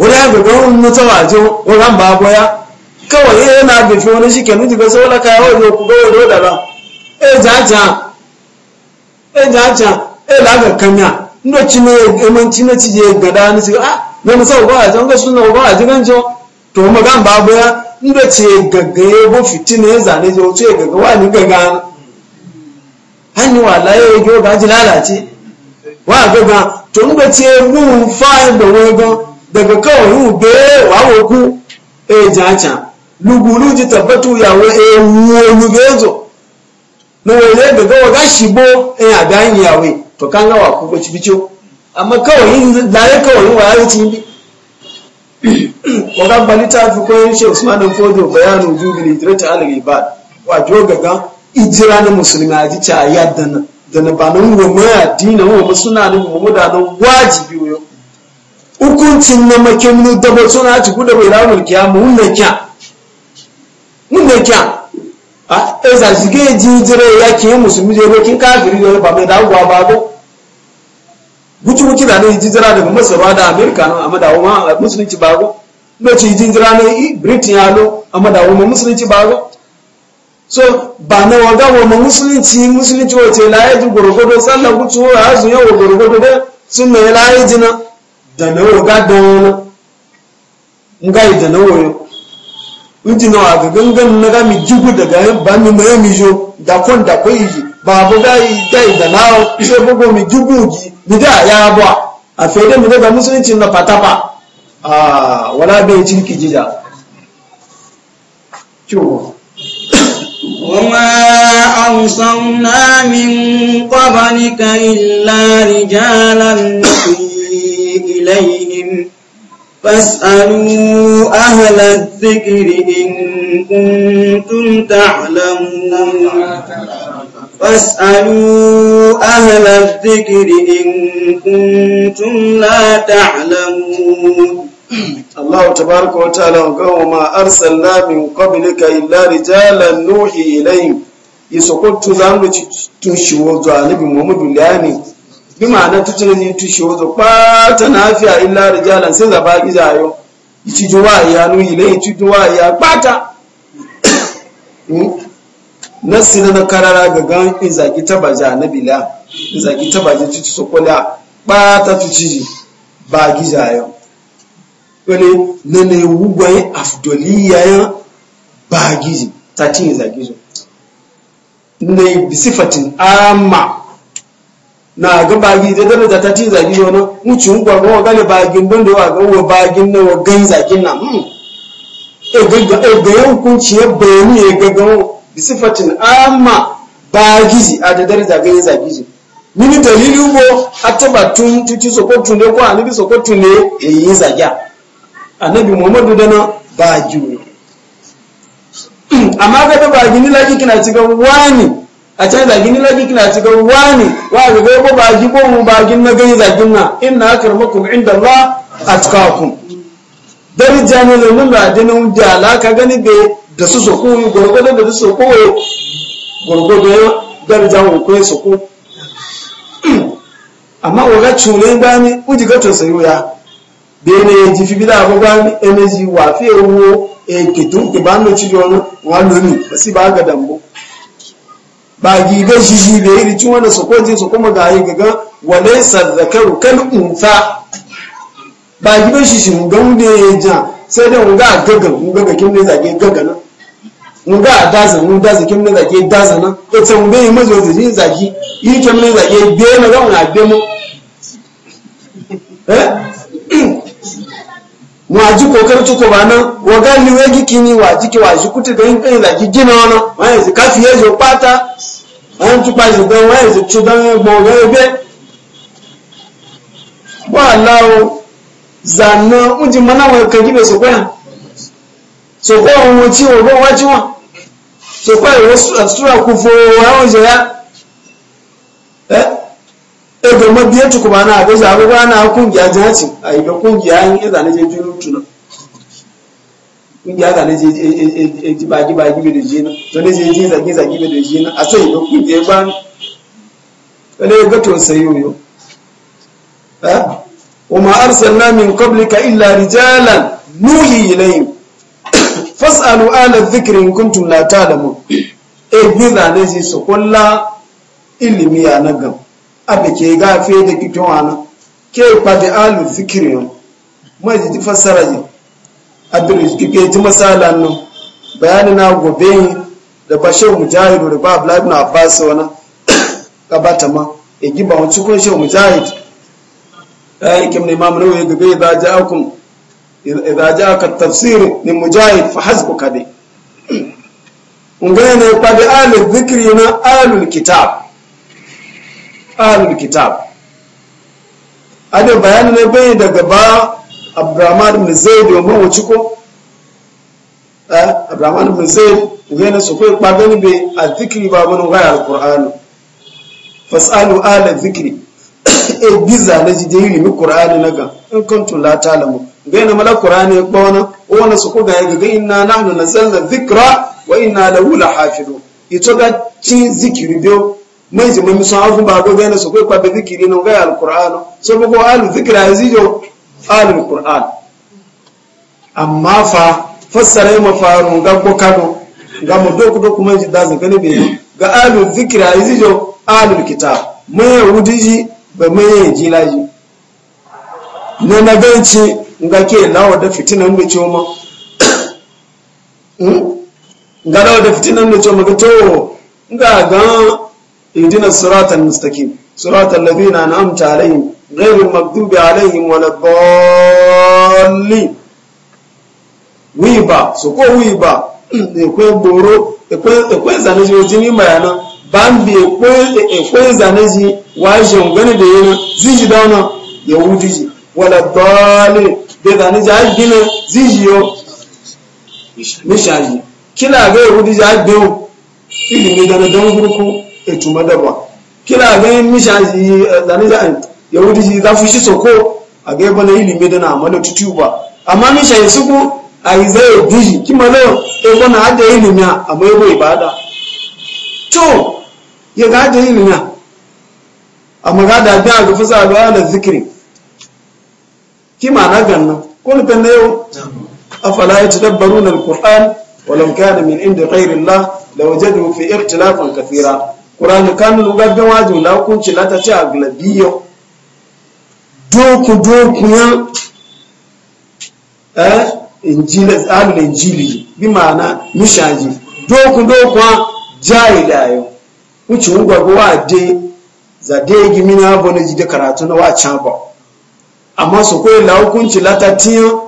wani ya gaga wani mutum a jin wurin ba goya kawai iya eh, yana gafi wani shi ke nuti ga saboda kaya wani ku ga wani da ran e eh, jaja e eh, jaja e laga kanya ndo cime eman cime cije gada ni si ah ne musa ba a janga suna ba a jigan jo to magan ba goya ndo ce gaga ya bo fitina ya zane jo ce gaga wani gaga hanyi wala ya yi gaji lalace wa gaga to ndo ce mun fa'in da wani gan daga kawai hu be wawo ku e jacha lugulu ji tabbatu wo e wonu bezo no wele daga waga shibo e adan yawe to kan ga wa ku ko cibicho amma kawai da ya kawai wa ya ci waga balita fi ko shi Usman Fodo bayanu jubili dirata al-ibad wa jogaga ijira na musulmi aji ji ca yadda na da na ba wa ma addinin wa musuna ne mu da nan wajibi yo hukuncin na makemnu dabo suna ci kuda bai ramul kiyamu hunna kya hunna kya a eza eh, shige jijire ya ke musulmi je rokin kafiri yo ba mai dawowa ba ko buci buci da ne jijira daga masarwa da amerika no amma dawo ma musulunci ba ko no ci na yi britain ya lo a dawo ma musulunci ba ko so ba na waga wa ma musulunci musulunci wace la ya ji gurgudu sallan kucu wa azu yawa gurgudu da sunna ya la ya jina danawo ga don ngai danawo yo nti na wa gangan na ga mi jigu daga ba mi mayo mi jo da kon da ko yi ba bo ga yi ga yi danawo so bogo mi jigu ji mi da ya bo a fere mi daga musulunci na patapa a wala be cinki jija ciwo وما أرسلنا من قبلك إلا رجالا نحيي إليهم فاسألوا أهل الذكر إن كنتم تعلمون فاسألوا أهل الذكر إن كنتم لا تعلمون الله تبارك وتعالى وما أرسلنا من قبلك إلا رجالا نوحي إليهم يسقط تزامل تنشي وضع نبي محمد bi a tutuna ni tushe wato ɓata na fiya illa rijalan sai zaba izayo ichi juwa ya nu ile ichi juwa ya ɓata nasi na na karara ga gan ta tabaja na bila izagi tabaja tutu sokola ɓata tuci ba gizayo wani na na ewu gwaye afdoliyayen ba gizi ta cin izagizo na bisifatin amma na ga bagi da dare da ta ci zagi wani mucin kwa ga wa gane bagin don da wa ga wa bagin na wa gan zagin na mm e ga ga e yau hukunci ya bayani ya ga ga bi sifatin amma bagizi a da dare zagi zagi mini dalilin ubo hatta tun titi sokotu ne ko anabi sokotu ne e yi zagiya annabi muhammadu dana bagi amma ga da bagi ni laji kina ci ga wani a can zagin lagik na ci gawa wani wa ga gobe bagi ko mu bagin na gani zagin na inna akramakum inda Allah atqakum darija ne da mun da dinin da alaka gani be da su so koyi gurgudu da su so koyi gurgudu darija mu koyi su ko amma o ga cule gani uji ga to sayo ya be ne ji fi bida ba gani energy wa fi ewo e kitun ke ban no ci jono wa no ni si ba ga dambo ba gigan shi shi da iri cin wanda su kwanci su kuma ga yi gaga wale sarzakaru kan unfa ba gigan shi shi ga wunde ya ja sai dai wunga gaga wunga ga kim ne zage gaga nan wunga a daza wun daza kim ne zage daza nan ita sai wunga yi mazo zage zage yi kim ne zage biye na ga wunga biye mu mwaji kokari tuko bana wagali wegi kini wajiki wajikuti ga impe la gigina ona wazi kafi yezo pata antu pazi ga wazi chudan bonga ebe walao zanna unji mana wa kagibe so kwa so kwa umuti ogo wajiwa so kwa sura kufo wao je ya eh e da mabiya ci kuma na abin zaɓi ba na kungiya jaci a yi ga kungiya yin yi zane je jirin tunan kungiya zane je e, e, e, gibagibagibi da jina zane je jiza giza gibi da jina a sai ga kungiya ba ne ga to sai yoyo kuma arsal na min kablika illa rijalan nuhi ilayhi fas'alu ala dhikrin kuntum la ta'lamun e gizane je su kullu ilmiya na gaba abe ke gafe da kitun wani ke kwafi alu fikiri yau mai ji fassara ji abin ke ji masala nan bayanin na gobe da bashir mujahidu da ba abdullahi na abbas wani gabata ma ya e ba wani kun shi mujahid ya yi kim na imam nawa ya gabe idza ja'akum idza ja'aka tafsir ni mujahid fa hasbuka bi ungane kwafi alu fikiri na alu kitab ahlul kitab ada bayanin ne bai daga ba abdurrahman ibn zaid domin wuci ko eh, abdurrahman ibn zaid ugena su kai kwagani be azikri babun ga alquran fasalu ala zikri e biza na ji yi mi qur'ani naga in kuntum la ta'lamu na mala qur'ani ba wana wana su ko ga ga inna nahnu nazzalna dhikra wa inna lahu lahafidun ito ga cin zikri biyo mai ji mamisu hafin ba ko zai su kai kwa da zikiri na gaya alkur'anu so ba alu zikira ya zijo alu alkur'an amma fa fassara yi mafarin ga ko ga mu doku doku mai ji dazin gani bai ga alu zikira ya zijo alu kitab mai wudiji ba mai jilaji ne na ganci nga ke lawa da fitinan da ciwo hmm? ga lawa da fitinan da ciwo ma ga to nga gan اهدنا الصراط المستقيم صراط الذين انعمت عليهم غير المغضوب عليهم ولا الضالين ويبا سوكو ويبا ekwe gboro ekwe zaneji oji ni ma na bambi ekwe zaneji waje ngani da yana ziji dauna ya wudiji wala dole da zaneji a ziji yo mishaji kila ga ya wudiji a biyu don etu madarwa kila ga misha eh, zane za yahudi shi za fi shi soko a ga yaba na ilimi da na amana tutu ba amma misha ya suku a yi zai diji kima zai ego na hada ilimi a mai bai da to ya ga hada ilimi a magada biya ga fusa ga da zikirin kima na ganna ko ni pende yo afala yatadabbaruna alquran walau da min indi ghayri allah lawajadu fi ikhtilafan kathira Qur'an kan luga ga wajin la hukunci la ta ci aglabiyo doku doku ya eh injili ahlul injili bi ma'ana mishaji doku doku jahilayo wuce ugwa ga wade za de ya gimi na abu na jide karatu na wa ba amma su ko la hukunci la ta tiyan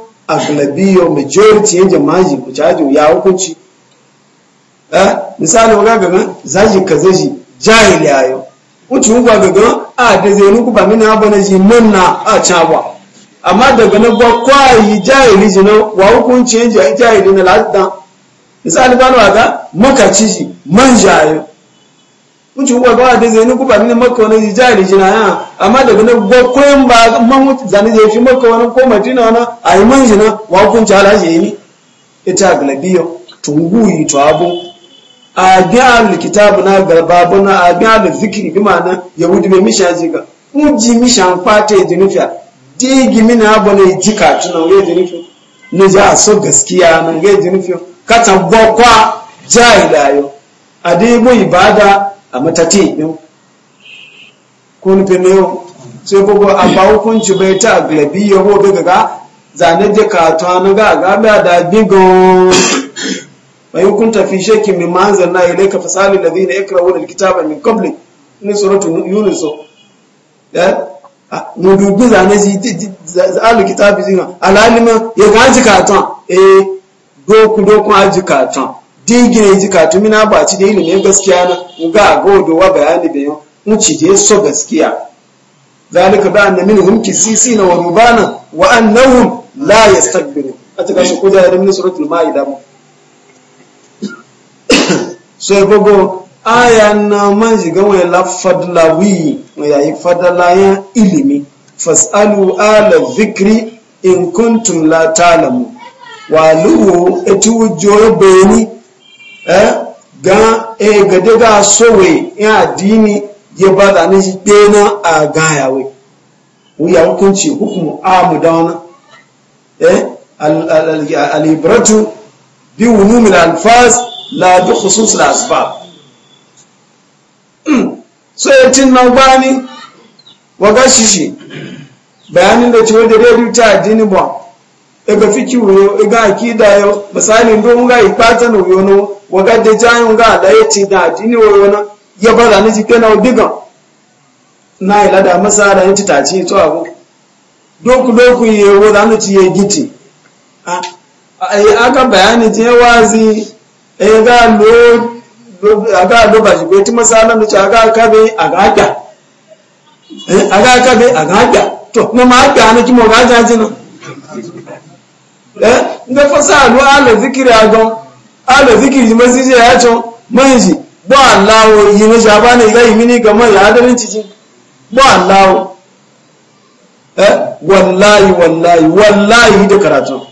majority yan jama'i ku ya hukunci eh misali waga gama zaji ka jahili ayo wuce ugwa gaga a da zai nuku ba mini abu ji nan a cawa amma daga na gwa kwayi jahili ji na wa hukunci yin jahili na ladan misali ba na ga makaci ji man jayo wuce ugwa ba da zai nuku ba mini maka wani jahili ji na ya amma daga na gwa ba man zane fi maka wani ko matina wani a yi man ji na wa hukunci halashi yi ita tunguyi to abu a biya kitabu na garba na a biya da zikiri bi ma'ana yahudi be misha jiga uji misha fata ya jinufiya digi mina abu na jika tuna ya jinufiya na ja so gaskiya na ya jinufiya kata gbakwa jahila dayo. a dai mu ibada a matati yau ko nufi na yau sai gbogbo a ba hukunci bai ta a yahoo bai gaga zane jika tuwa na ga ga da bigon وإن كنت في شك مما أنزلنا إليك فسأل الذين يقرؤون الكتاب من قبلك من سورة يونس mu dubi zane su zalu kitabi zina alalima ya ga ji katon eh doku doku aji katon digire ji katon mina ba ci da ilimin gaskiya na ga godo wa bayani da yau mu ci da so gaskiya zalika ba anna minhum kisisina wa rubana wa annahum la yastakbirun ataka shi kuja da min suratul maida mu so ya gogo aya na man shiga wani lafadla wiyi ya yayi fadala ya ilimi fasalu ala zikri in kuntun la talamu waluwo eti wujo beni eh ga e gade ga sowe ya dini ya bada ne shi a gayawe wuya hukunci hukumu amu da wani eh al-ibratu bi wunumil alfas la bi khusus al asbab so yatin nan bani wa gashishi bayanin da cewa da dai ta addini ba e ga fiki wuyo e ga akida yo misalin do mun ga ipata no yo no wa ga da jan ga da yace da addini wo yo na ya bara ni jike na diga na ila da masa da yace ta ci to abu doku doku ye wo da ni ci ye giti a ah, ah, eh, aka bayani je wazi Eh, aga lo ba shi beti masalan ce aga kabe aga eh, aga aga kabe aga aga to na ma aga ne kimo ga jaji na eh nga fasa lo ala zikiri agon ala zikiri masije ya ce manji bo Allah yi ne shaba ne ga yi mini gaman ya hadarin cikin bo Allah eh wallahi wallahi wallahi da karatu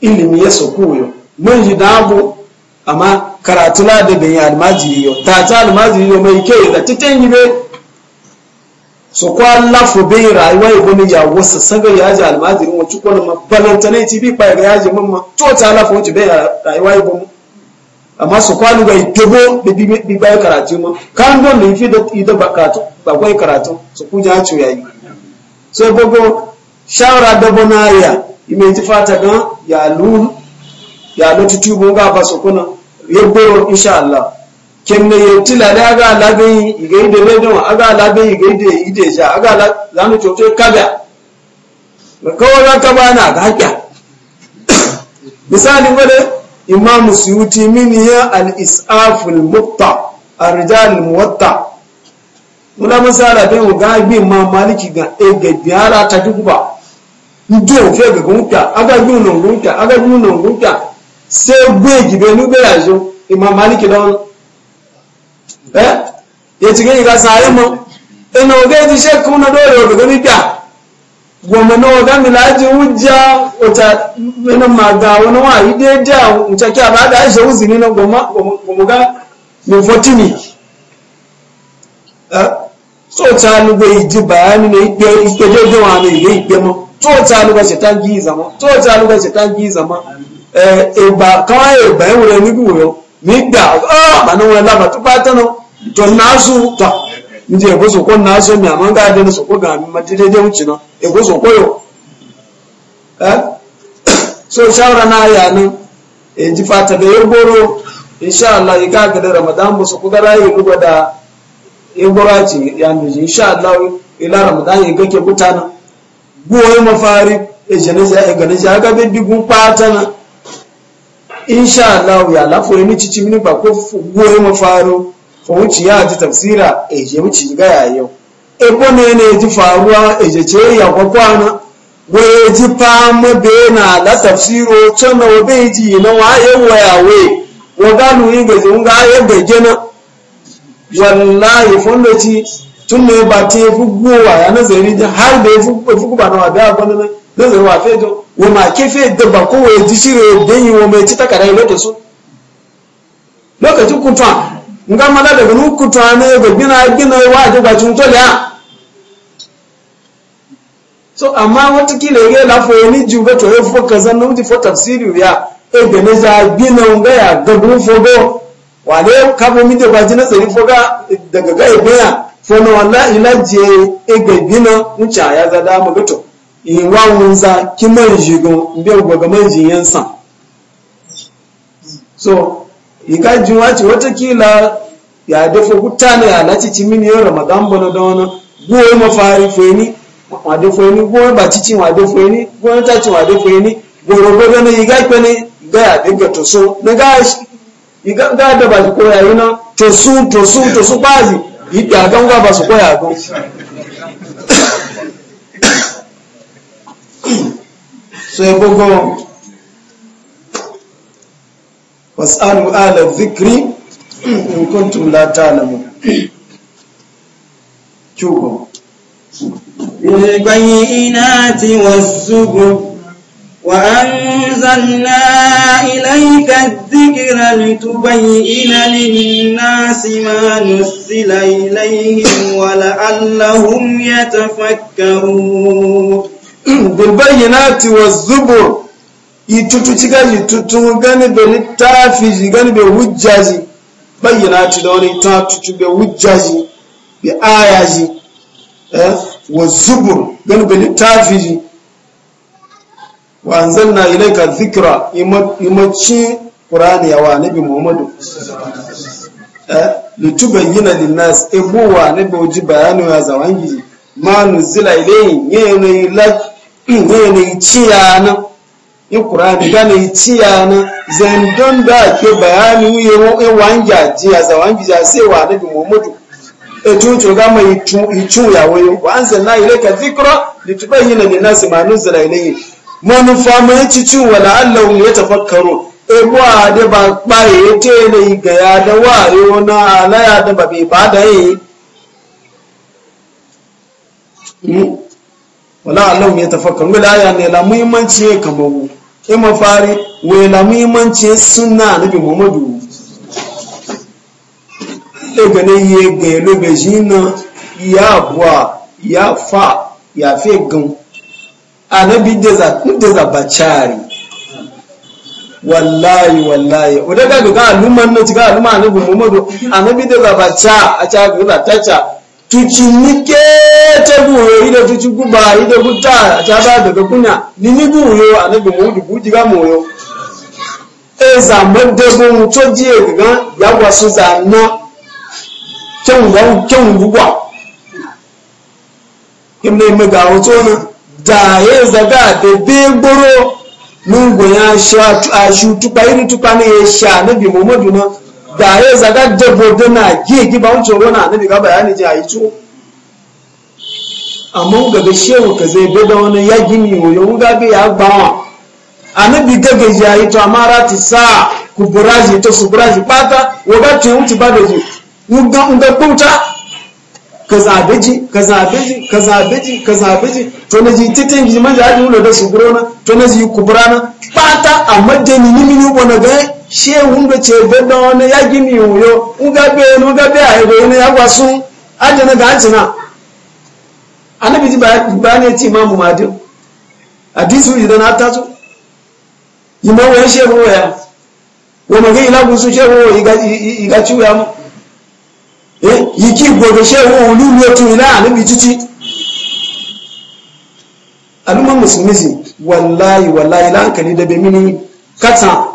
ilimi ya sokoyo mun ji damu amma karatu la da bin almajiri yau. ta ta almajiri yau mai ke da titan yibe so kwa lafu bi rayuwa ibn ya wasa saga ya ji almajiri mu ci kwal ma balanta ne ci bi fa ga ya ji mamma to ta lafu ci bai rayuwa ibn amma su kwanu ga itego da bi bai karatu ma kan don da fi da ida bakatu ba kwai karatu su ku ja ci yayi so gogo shawara da bonaya ime ti fata don ya lulu ya lo tubo ga ba so kuna yegbo insha Allah ne ye la da ga labe ige ide le don aga labe yi de ide ja aga la zanu choto kaga ko ga ba na ga ka misali wala imam suyuti min ya al isaful mutta arjal muwatta muna masala be ga bi ma maliki ga e ga biara ta duba ndo fe ga gunta aga gunu gunta aga gunu gunta sai gwe gibe nube rajo imam maliki don eh ya ci gani ga sai mu ina e ga ji shekku na dole ga gani da goma na ga mi laji hujja wata mana ma ga wani wa ide da muta ki ba da shi uzini na goma goma ga mu fotini eh so ta lugbe iji bayani ne ipe ipe jojo wa ne ile ipe mo to ta lugbe shetan gi zama to ta lugbe shetan gi zama ìgbà káwọn ìgbà ìwòrán nígbìwòyọ nígbà àbànú wọn lábà tó bá tẹ́nu tó náàzù tà níjẹ èkó sòkó náàzù mi àmọ́ ń gáàdé ní sòkó gàmí ma dédé dé wùchì náà èkó sòkó yọ ẹ́ so shawara na yà ni eji fata da yóò gbóró insha Allah yìí ramadan bó sòkó gára yìí lúgbọ́ da yóò gbóró àti yàndù yìí insha Allah ilá ramadan yìí kéke kúta na gbóhóyè mafari èjì ní sẹ́ ẹ̀gànnì sẹ́ agábé digun pátá náà insha Allah ya lafo ni cici mini ba ko gore mu faro wuci ya ji tafsira e je wuci ga yayo e bone ne ji faruwa e je ce ya kwa kwana we ji fa mu be na la tafsiro tana wa be ji na wa ye ya we wa ga lu yi ga jun ga ye jena wallahi fondoci tun ne ba te fugowa ya nazari har da ya ba na wa da ba na lọ́sọ̀rọ̀ wà fẹ́ jọ wọ́n máa ké fẹ́ dọ̀gbà kó wọ́n ti ṣíre dẹ́yìn wọn mẹ́tí agabina yìí lọ́tọ̀ sún kùtù à nǹkan máa ní kùtù à ní ẹgbẹ̀ gbìnà gbìnà wà tọ́lẹ̀ à. so àmọ́ wọ́n ti kílẹ̀ eré láfọ bẹ́tọ̀ fọ́ ní ti fọ́ tàbísírì rí à ẹgbẹ̀ gbìnà wà lé sẹ́yìn dàgàgà fọ́nà wà ẹgbẹ̀ gbìnà ń iwa wunza ki man jigo mbe gwaga man jiyansa so iga juwa ci watakila ya dafa gutane ya lati ci mini yau ramadan bana da wani gowe mafari feni wade feni gowe ba cikin wade feni gowe ta ci wade feni gorogoro na iga kwani ga ya dinga toso na ga iga ga da ba ko ya yi na toso su to su yi da ga ba su ko ya in so ya bugu wasu ala zikri in kuntum la talamu cuba ilbayi inati wasu bu وأنزلنا إليك الذكر لتبين للناس ما نسل إليهم tafakka يتفكرون bilbayinati wazubur itutu cigaji tutu gani be littafiji gani be hujjaji bayyinati da wani ta tutu be hujjaji be ayaji eh wazubur gani be littafiji wa anzalna ilayka dhikra imaci qur'ani ya wa nabi muhammad eh litubayyana linnas ebuwa nabi uji bayanu ya zawangiji ma nuzila ilayhi yanayi ne ne ciya na yi kurani ga ne ciya na zandon da ke bayani wuye wanja jiya za wangi ja sai wa nabi muhammadu e tuto ga mai icu ya wayo wa an zanna ilaika zikra litubayyana linnasi ma nuzila ilayhi manufa mai cicu wa la'allahum yatafakkarun a da ba kpaye te ne ga ya da wayo na alaya da ba bai ba da yi wala Allah ya tafakkaru wala ya ne la muhimmanci ya kamawu in mafari la muhimmanci suna sunna nabi Muhammadu daga nan ya gbe lobe na ya buwa ya fa ya fi gan anabi deza deza bacari wallahi wallahi o daga ga aluman na ti ga aluman nabi Muhammadu anabi deza bacha a ta ga ta ta tuchinike teguyo ile tuchikuba ile kuta chabada dokunya nini guyo anabi muudi kujiga moyo eza mdebo mutojie gaga yagwa za na kyonga kyongugwa kimne mega otona da yeza ga de bigboro nungu ya sha ashu tupayini tupani ya sha anabi muhammadu na da ya zaga dabo dana gigi ba wancan wani na biga bayani ji a yi ciwo amma ga da shehu ka zai da wani ya gini yoyo ga ga ya gbawa a na ga ji a yi to amma rati sa kuburaji to suburaji bata waga ce wuce ba da ji nga kuta ka zabe ji ka zabe ji ka zabe ji ka zabe ji to na ji titin ji manja ji wulo da suburona to na ji kuburana bata amma da ni ni mini wani ga shehun da ce gbogbo wani ya gini wuyo n gabe n gabe a ego wani ya gwasu ajiyar ga ajina annabi ji ba ne ci imamu madin hadisu idan na taso imam wani shehu waya wani ga ilagun su shehu waya iga ciwuya mu yi e, ki gbogbo shehu olu lotu ila annabi titi al'umman musulmi wallahi wallahi la hankali da bai mini kata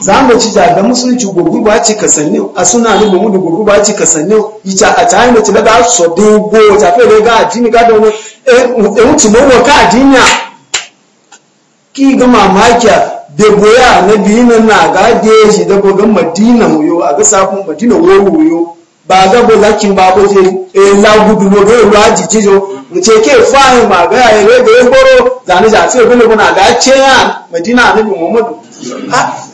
zamu ci daga musulunci gurguba ci kasanne a suna ne bamu da ba ci kasanne ita a ta hanyar ci daga so dogo ta fe ne ga ji ni ga da wani eh, eh, e ci mu wa ka ajinya ki ga mamaki da goya na biyin na ga de shi da go ga madina mu yo a ga safin madina wo yo ba ga go lakin ba bo je e eh, la gudu mo ga ra ji ji jo mu ce ke fahi ma ga ya re da goro zani ja ce ko ne kuna ga ce ya madina annabi muhammadu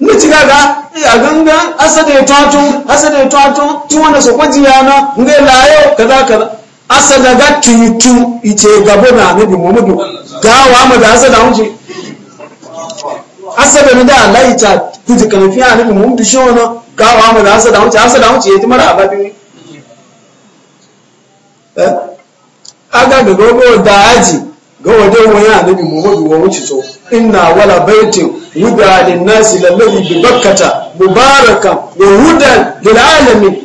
nci gaga a gangan asa da ya tato asa da ya tun wanda su kwaji yana nga layo kaza kaza asa da ga tutu ice gabo na nabi muhammadu gawa mu da asa da asa da da kuji nabi muhammadu shi gawa mu da asa da asa da ya eh? aga da gogo da aji ga wajen wani annabi muhammadu wa wuce so inna wala baitin wuda nasi lallabi bi bakkata mubarakan wa hudan lil alamin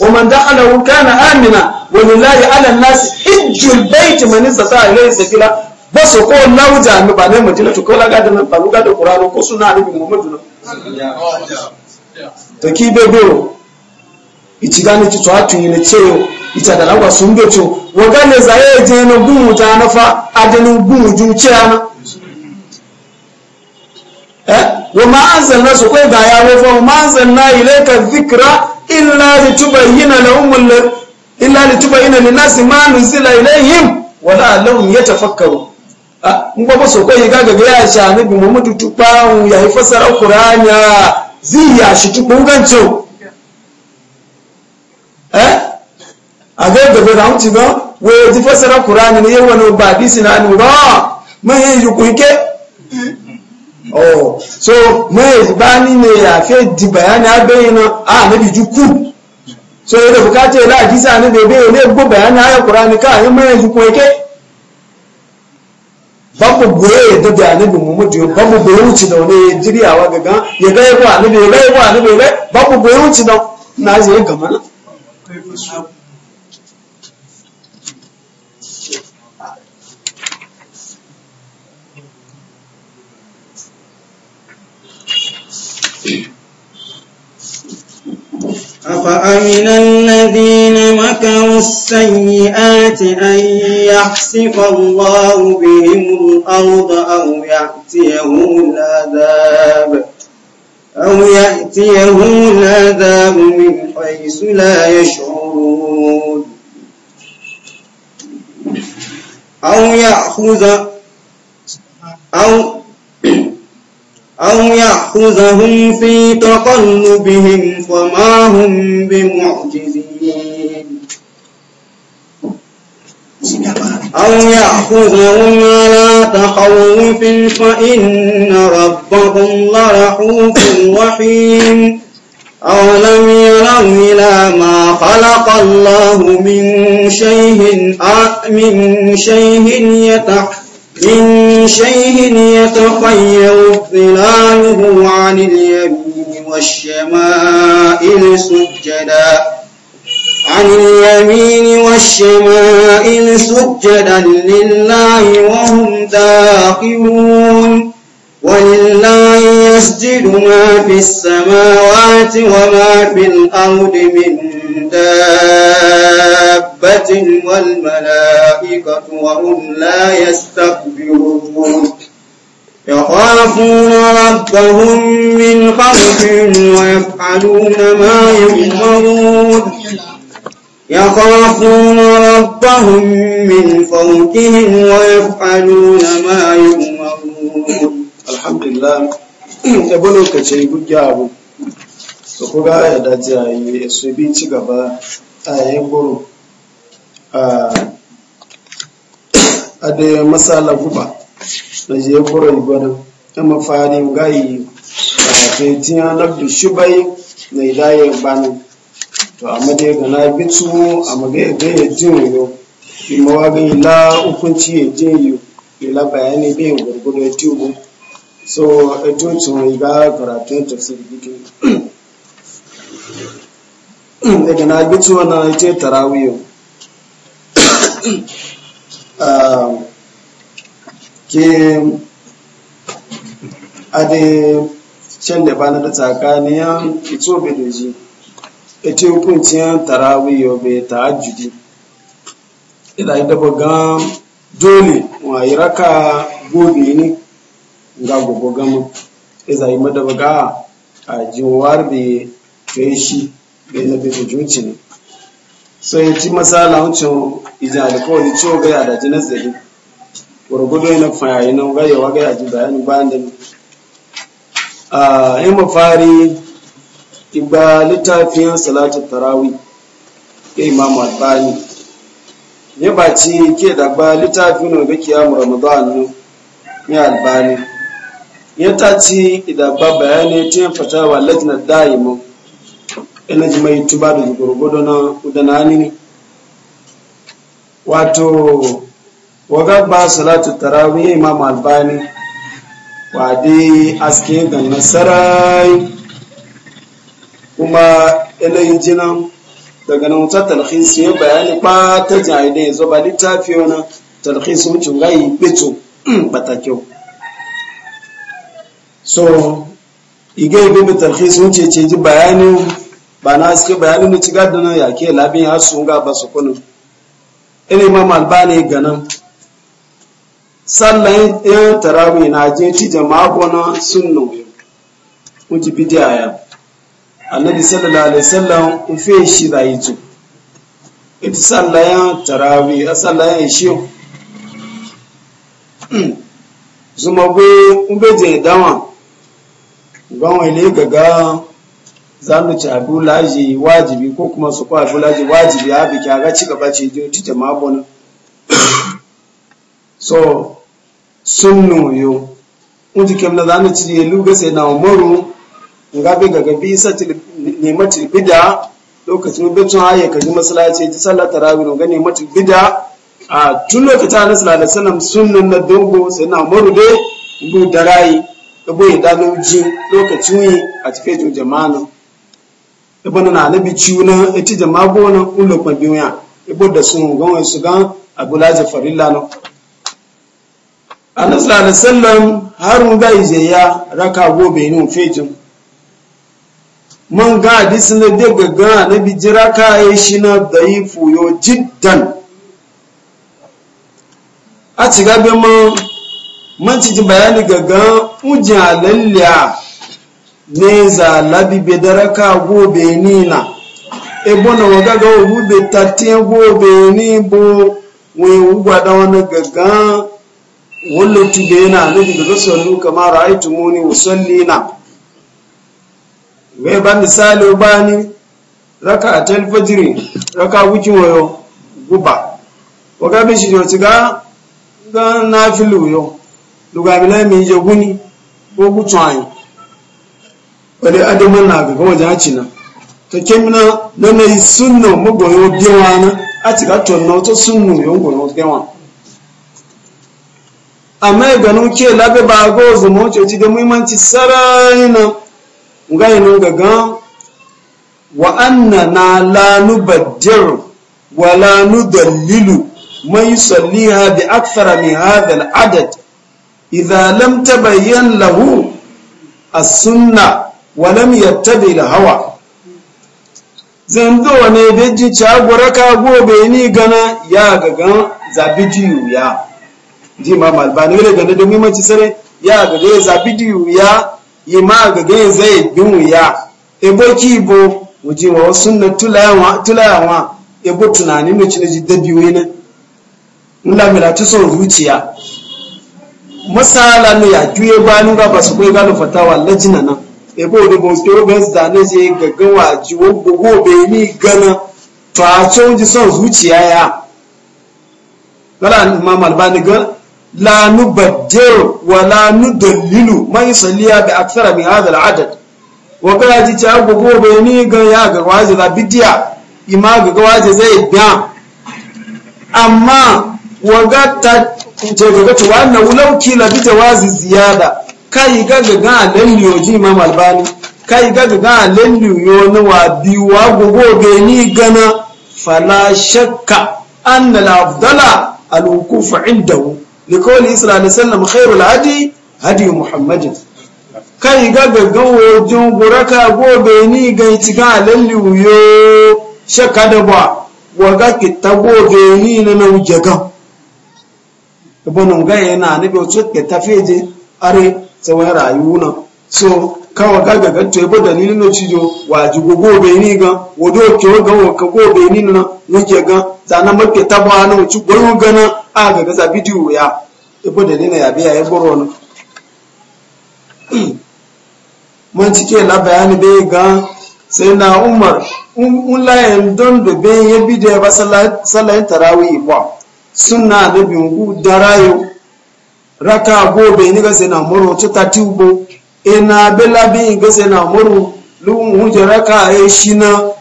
wa man amina wa lillahi ala nasi hijjul baiti man sa ilayhi sabila basu ko lawu jami ba ne mutila to kola gadan nan balu ko suna muhammadu na to wagane zaye je na gumu ta na fa adinin gumu juciya na eh? wa ma anzalna kai ga yawo fa ma anzalna ilayka dhikra illa litubayyana lahum illa litubayyana linasi ma nuzila ilayhim wa la'allahum yatafakkarun ah, in ba so kai ga ga ya sha ni bi Muhammadu tupawu ya fasara Qur'ani ziya shi tukungancho eh a ga gaba da hanci ba wai ji fasara qur'ani ne yawan ba hadisi na lura mun yi ku yukunke oh so mun ba ni ne ya fe di bayani na a nabi juku so yadda bukata ila hadisi ne bebe ne go bayani ayi kurani ka yi mun yukunke babu goye da da annabi Muhammad yo babu goye wuce da wani jiriyawa gaga ya ga yabo annabi ya ga yabo annabi ya ga babu goye wuce da na je gama na أفأمن الذين مكروا السيئات أن يحسف الله بهم الأرض أو يأتيهم العذاب أو يأتيهم العذاب من حيث لا يشعرون أو يأخذ أو أو يأخذهم في تقلبهم فما هم بمعجزين أو يأخذهم على تخوف فإن ربهم لرحوف رحيم أولم يروا إلى ما خلق الله من شيء من شيء يتحقق من شيء يتخير ظلاله عن اليمين والشمائل سجدا عن اليمين والشمائل سجدا لله وهم داخلون ولله يسجد ما في السماوات وما في الأرض من دابة والملائكة وهم لا يستكبرون يخافون ربهم من خوف ويفعلون ما يؤمرون يخافون ربهم من فوقهم ويفعلون ما يؤمرون alhamdulillah yabo lokacin gugya abu su kuga ya dace a yi su bi ci gaba a yi guru a da masala guba da je guru igwada ta mafari gayi a fetin yanar da shubai na idayen bani to amma dai ga na bitu amma ga ya jin yau kuma ga ila hukunci ya jin yau ila bayani bai gurgudu ya so eto tun iga karatun tafsir dike daga na bá wana ita tarawiyo ke ade can da bana da tí ito tàrà wí o tarawiyo bai ta'ajjudi ina yi daba gan dole wa yi raka yìí ní. ga gogo gama zai mada madaba ga a jiwar da ya shi da yana bai juci ne so ya ci masala wucin ija alkawali ciwo gaya da jinas da ne gwargwado yana fayayi nan gayewa gaya ji bayanin bayan da ne a yi mafari igba littafin salatu tarawi ya yi mamu albani ya baci ke da ba littafin da kiyamu ramadan ne albani yata ci idan ba bayani tun fata wa latina daimu ina ji mai tuba da gurgudu na udanani wato waga ba salatu tarawih imam albani wa di aske ga nasarai kuma ina yin jina daga nan ta talhisi ya bayani ba ta jahidai zo ba littafi wani talhisin cungayi bito batakyau so igai bi mu tarhis mun ce ce ji bayanin ba na suke bayanin mu ci gadana ya ke labin ya sun ga ba su kunu ina imam albani ganan sallan yan tarawih na je ci jama'a gona sunnu mun ji bidiya ya annabi sallallahu alaihi wasallam ufe shi da yito ita sallan 'yan tarawih a sallan 'yan shi hmm. zuma gwe mbeje dawan ganwai ne ga ga za mu ci abu laji wajibi ko kuma su kwa abu laji wajibi a biki a ga ci gaba ce jiyo ta jama'a bonin so sun nuyo in ji kemna za mu ci ya luga sai na umaru ga bi ga bi sa nema tilbida lokacin bincin haya ka ji masalaci ji sallar tarawih ga nema tilbida a tun lokacin annabi sallallahu alaihi wasallam na dogo sai na umaru dai bu rayu. ebo idanu ji lokaci yi a cikin ju jama'a ebo na bi ciwo na eti jama'a bo ulo kwa biyu ya ebo da sun gawai su gan abulaji farilla na anas da sallam har mu ga zai ya raka gobe ne fejin Mun ga hadisi na dai gaga na biji raka ya shi na daifu fuyo jiddan a ci gabe mun man ci bayani gaga uja lalya neza labi bedaraka ka nina ebo na waga ga obube tatin gobe ni bo we ugwa da wani gaggan wallo tube yana nabi da rasulun kamar ra'aytu muni usalli na we ba misali bani raka tal raka wukin wayo guba waga bishi yo ga nafilu yo lugabila mi je ko kucu ayin wadda adaman na gaga wajen haci na ta kemina na na yi sunna magoyo biyawa na a ti gato na wato sunna yawon goyo biyawa amma ya ganin ke labe ba ga zama wace ci da muhimmanci sarari na nan gaga wa anna na lanu nubaddir wa lanu dalilu mai yusalliha bi akthara min hadha adad idza lam tabayyan lahu as-sunna wa lam yattabi al-hawa zando ne beji chagora ka gobe ni gana ya zabi jiyu ya ji ma malbani wele gane da mimanci sare ya gaga zabiji ya yi ma gaga zai bin ya ebo kibo waje wa sunna tulayawa tulayawa ebo tunanin ne na ji dabi. ne mun la ta son zuciya masala no ya juye banu ga basu kai ga fatawa lajina nan e bo de bo to ga da ne je gaggawa ji wo gbogbo be ni gana to a chonji son zuciya ya kala ba ne ga la nubaddiru wa la nudallilu man yusalliya bi akthara mi hadha al-adad wa kala ji ce go go be ni ga ya ga waje la bidiya ima ga waje zai biya amma wa ga ta ce ga ci wannan wulauki na bi jawazi ziyada kai gaga ga ga lalli yoji imam albani kai gaga ga ga lalli yo wa biwa gogo ga ni gana fala shakka anna al-afdala al-wuquf indahu liqawli sallallahu alaihi wasallam khairul hadi hadi muhammadin kai ga ga ga wojin guraka gobe ni ga ci ga lalli yo shakka da ba wa ga ta gobe ni na naujagan bonon ga yana ne bo tsot ke tafeje are tsawon rayuwa so kawa gaga ga to bo dalilin no cijo waji go gobe ni ga wodo ke ga wo ka gobe ni na nake ga zana makke taba na ci goyo gana a ga ga za bidiyo ya ibo dalilin ya biya ya goro na mun cike la bayani be ga sai na umar un layan don da be ya bidiyo ba sallah sallah tarawih ba suna da bingu da rayo raka gobe ni gase na moro to tati ubo ina bela bi gase na moro lu je raka e shina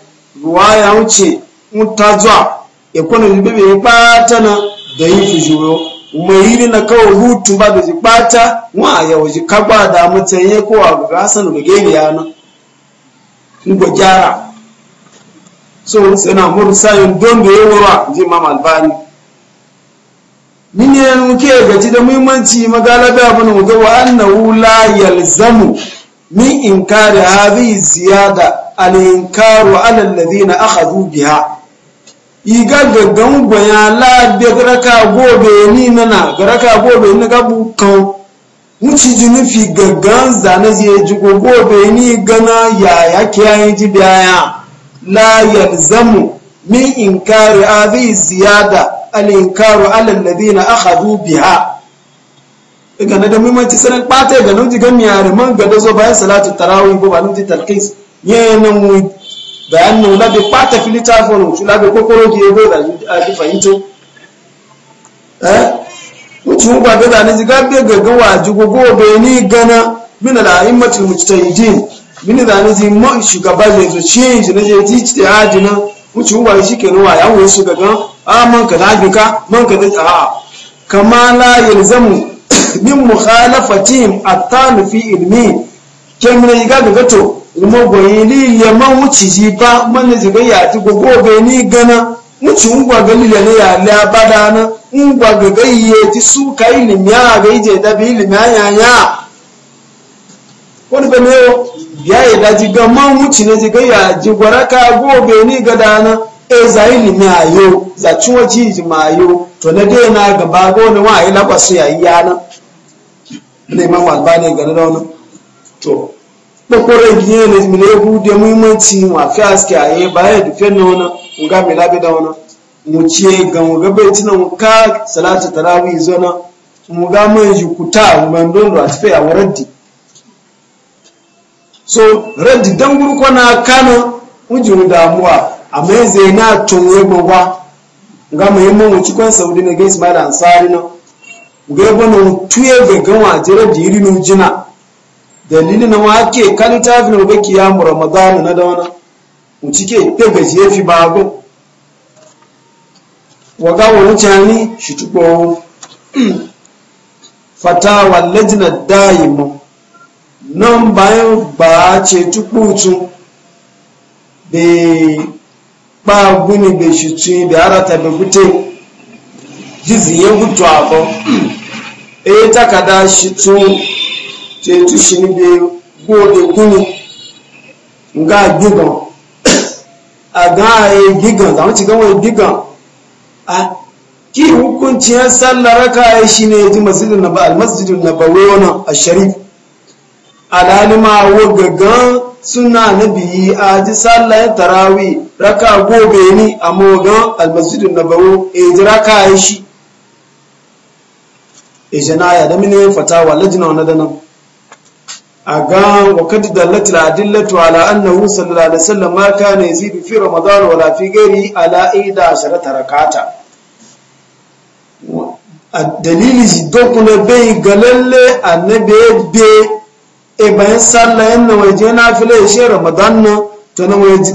ruwaya uche mutajwa e kono ni bebe pata na da yi fujuyo umayiri na ka hutu ba da jipata wa ya waje kagba da mutanye ko a gasan da gani yana ngo jara so sai na muru sayin don da yawa ji mama albani mini ya gaji da muhimmanci magalaba abin ga wa annahu la yalzamu min inkari hadhihi ziyada al inkaru ala alladhina akhadhu biha iga gaggan la de garaka gobe ni nana garaka gobe ni gabu kan wuci ji fi gaggan zane zai ji gobe ni gana ya yake yayin ji biya la yalzamu min inkari hadhihi ziyada al'inkaru alalladhi na akhadhu biha gane da muhimmanci sanin ɓata ga nan jigan miyare, man gada zo bayan salatu tarawih ko ba nan talqis talqis nan mu da an nuna da ɓata fili tafon shi ga kokoro ki yego da a ji fahimto eh mutum ba ga da ne jiga be ga waji go go be ni gana min al a'immatul mujtahidin min da ne ji mo shugaba ne zo change ne je ji ti ajina mutum ba shi kenan wa yawo su gan? a man ka dajuka man ka dajuka a kama la yalzamu min mukhalafatihim attanu fi ilmi kemina ga daga to kuma goyili ya man wuci ji ba man ji ga ya ti gogo be ni gana wuci ungwa ga lile ne ya abada na ungwa ga ga ye ti su ka ilimi ya ga ije da bi ilimi ya ya ko da me ya ya da ji ga man wuci ne ji ga ya ji gwaraka gobe ni ga dana e za ilimi ayo, za ciwo jiji ma yau to na dai na gaba gona wa yi lakwasu ya yi yana neman walba ne gani da wani to ɓakwara giye ne mine bude muhimmanci mafi aske e yi bayan dufe na wani nga mai labi da ona mu e ga mu ga bai mu ka salatu tarawih zona mu ga mun ji kuta mu ban don a tafi a waradi so raddi dan gurkona kano mu ji damuwa amma yanzu yana tunye gbogbo ga muhimmin wucikon saudi na gaisu bada da ansari na ga yabo na tuye gaggan wajere da iri na jina dalili na ake kan tafi na baki ya mu ramadanu na dawana wucike ta gaji ya fi bago waga wa mutane shi tukpo fatawa lajina daimu nan bayan ba ce tukputu da ba guni be shi tun da arata be gute jizi ye gutu abo e takada shi tun te tu shi ni be gode gigan gigan da wuce gigan a ki hukunci yan sallar raka shi ne ji masjidin naba al masjidin a sharif alalima wa suna na biyi a ji sallayen tarawi raka gobe ni a mogan almasjidin na baro e ji raka ya shi e jana ya da mini fatawa lajina wani dana a ga wakati da latila adillatu ala annahu sallallahu alaihi wasallam ma kana yazidu fi ramadan wala fi ghairi ala ida asharata rakata dalili shi dokuna bai galalle a annabi bebe. ibayin e bayan sallah yan na waje na fila ya shi ramadan na to na waje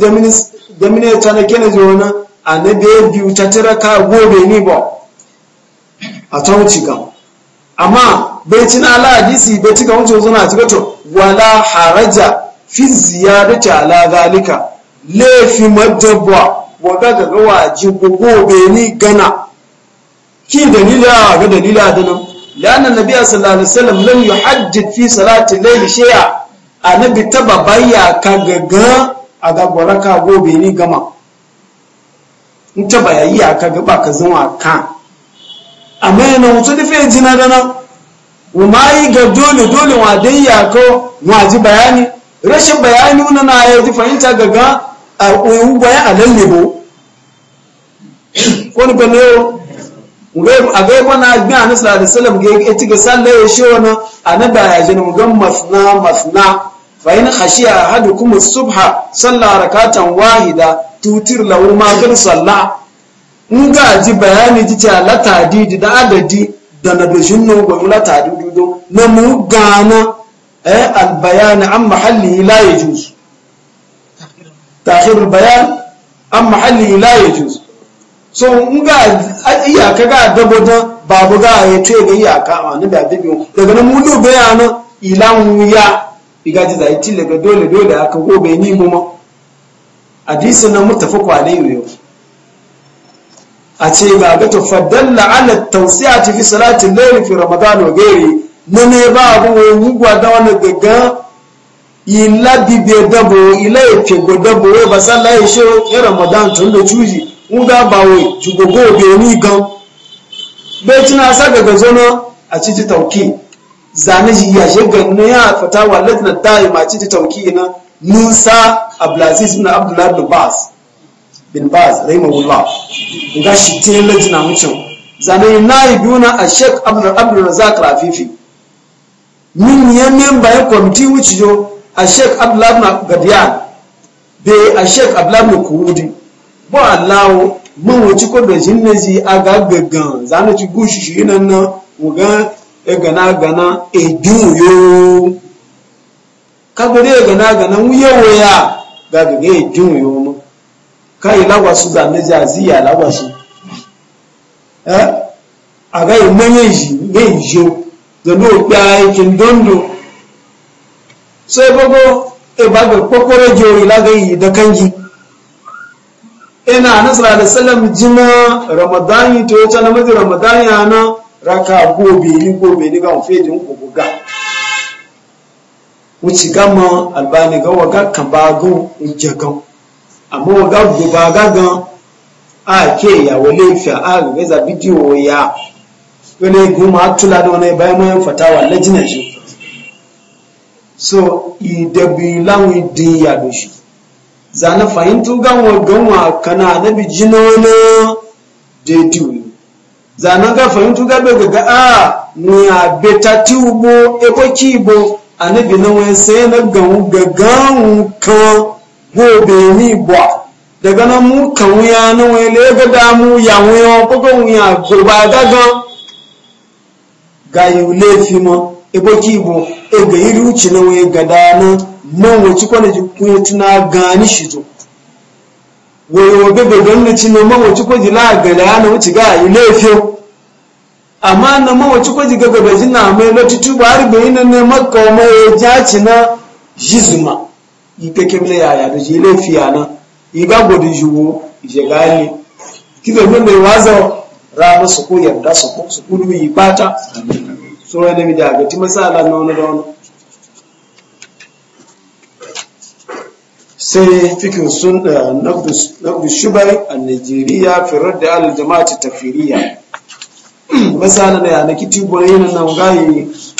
da ya ta na kene ji wani a na da biyu ta tira ka gobe ni ba a ta wuce ga amma bai ci ala hadisi bai ci ka wuce zuna a gato wala haraja fi ta ala zalika laifin madabwa waga ga waje gobe ni gana ki dalila ga dalila da nan لأن النبي صلى الله عليه وسلم لم يحدد في صلاة الليل شيئا annabi taba bayya ka gaga a gabara ka gobe ni gama in taba yayi a ka gaba ka zama ka amma yana mutu da fiye jina da nan ma yi ga dole dole wa dai ya ko wa ji bayani rashin bayani na na ya ji fahimta a uyu bayan lallebo ko ni ba agai wana gbin a nasa da salam ga ita ga sallah ya shi wani a na ya jini gan masna masna shi a hadu kuma subha salla rakatan wahida tutir lahu ma gar salla in ga ji bayani ji ce la tadidi da adadi da na da shi go la latadi do na mu gana eh al bayan an mahalli la yajuz ta'khir al bayan an mahalli la yajuz so nga iyaka ga dabodan babu ga ya to ga iyaka a ni da bibi daga nan mu dube ya nan ilan ya iga ji zai tille daga dole dole aka gobe ni mu ma na nan mutafaku alayhi yo a ce ga ga to fadalla ala tawsi'ati fi salati al-layl fi ramadan wa ghairi ne ne ba abu wo gwa da wani gaga ila bibi dabo ila ya ce go dabo ba sallah ya shi e ramadan tun da juji nga bawe jugogo obeni gan beti na sa gaga zona a citi tauki zane shi ya she ganna ya fata wa latina dai ma citi tauki na Musa Abdulaziz ibn Abdullah bin Baz bin Baz rahimahullah nga shi te latina mucin zane na ibuna a Sheikh Abdul Abdul Razak Rafifi min ya memba ya kwamiti wucijo a Sheikh Abdullah bin Gadiyan be a Sheikh bọ́ àláwọ̀ mọ́wọ́n tí kò dọ̀jí ń lẹ́sí aga gẹ̀gàn zánà ti gún ṣùṣù yìí nà ẹgànàgànà èdùn yóò kágbẹ́rẹ́ ẹgànàgànà ń yẹ̀wò yá gàgẹ̀gẹ̀ èdùn yóò mọ́ káyì láwàṣù zàmẹ́sì àzíyà láwàṣù ẹ́ àgáyé mọ́yẹ́ yìí ní ìyó zẹ̀lú òpin aikin dondo so ebogo ebago kokoro jori lagayi da kanji ina nasara da salam jina ramadani to ya na mazi ramadani ana raka gobe ni gobe ni ga mu fe jin ku ga wuci gama albani ga waga kan ba gun je ga amma waga ba ga gan a ke ya wale fa a ga za video ya wani goma tula da wani bayan mayan fatawa lajina shi so idabin lawi din ya doshi zana fahimtu ganwa ganwa kana na bijino na jetu zana ga fahimtu ga bai ga a ni a beta tubo eko kibo a na bi na wani sai na ganwu ga ganwu kan gobe ni bwa daga na mu ka wuya na wani le ga damu ya wuya ko ga wuya ko ba ga gan ga yi lefi mo eko kibo e ga yi ruci na wani ga dana man wace kwana kun tuna gani shi to wai wa bebe ganin na cino man wace kwaji la gala ya na wuce ga yi lafiyo amma na man wace kwaji ga gaba jina mai lotutu ba har bai na ne maka mai jaci na jizuma yi kake bile yaya da ji lafiya na yi ga gwadin jiwo je gali kizo mun mai waza rana su ko yarda su ko su kudu yi bata so ne mi da ga ti masala na wani da wani sai fikin sun eh, naqdu shubai a Najeriya firar da al ta tafiriya masana ne a nakiti yanar nan gayi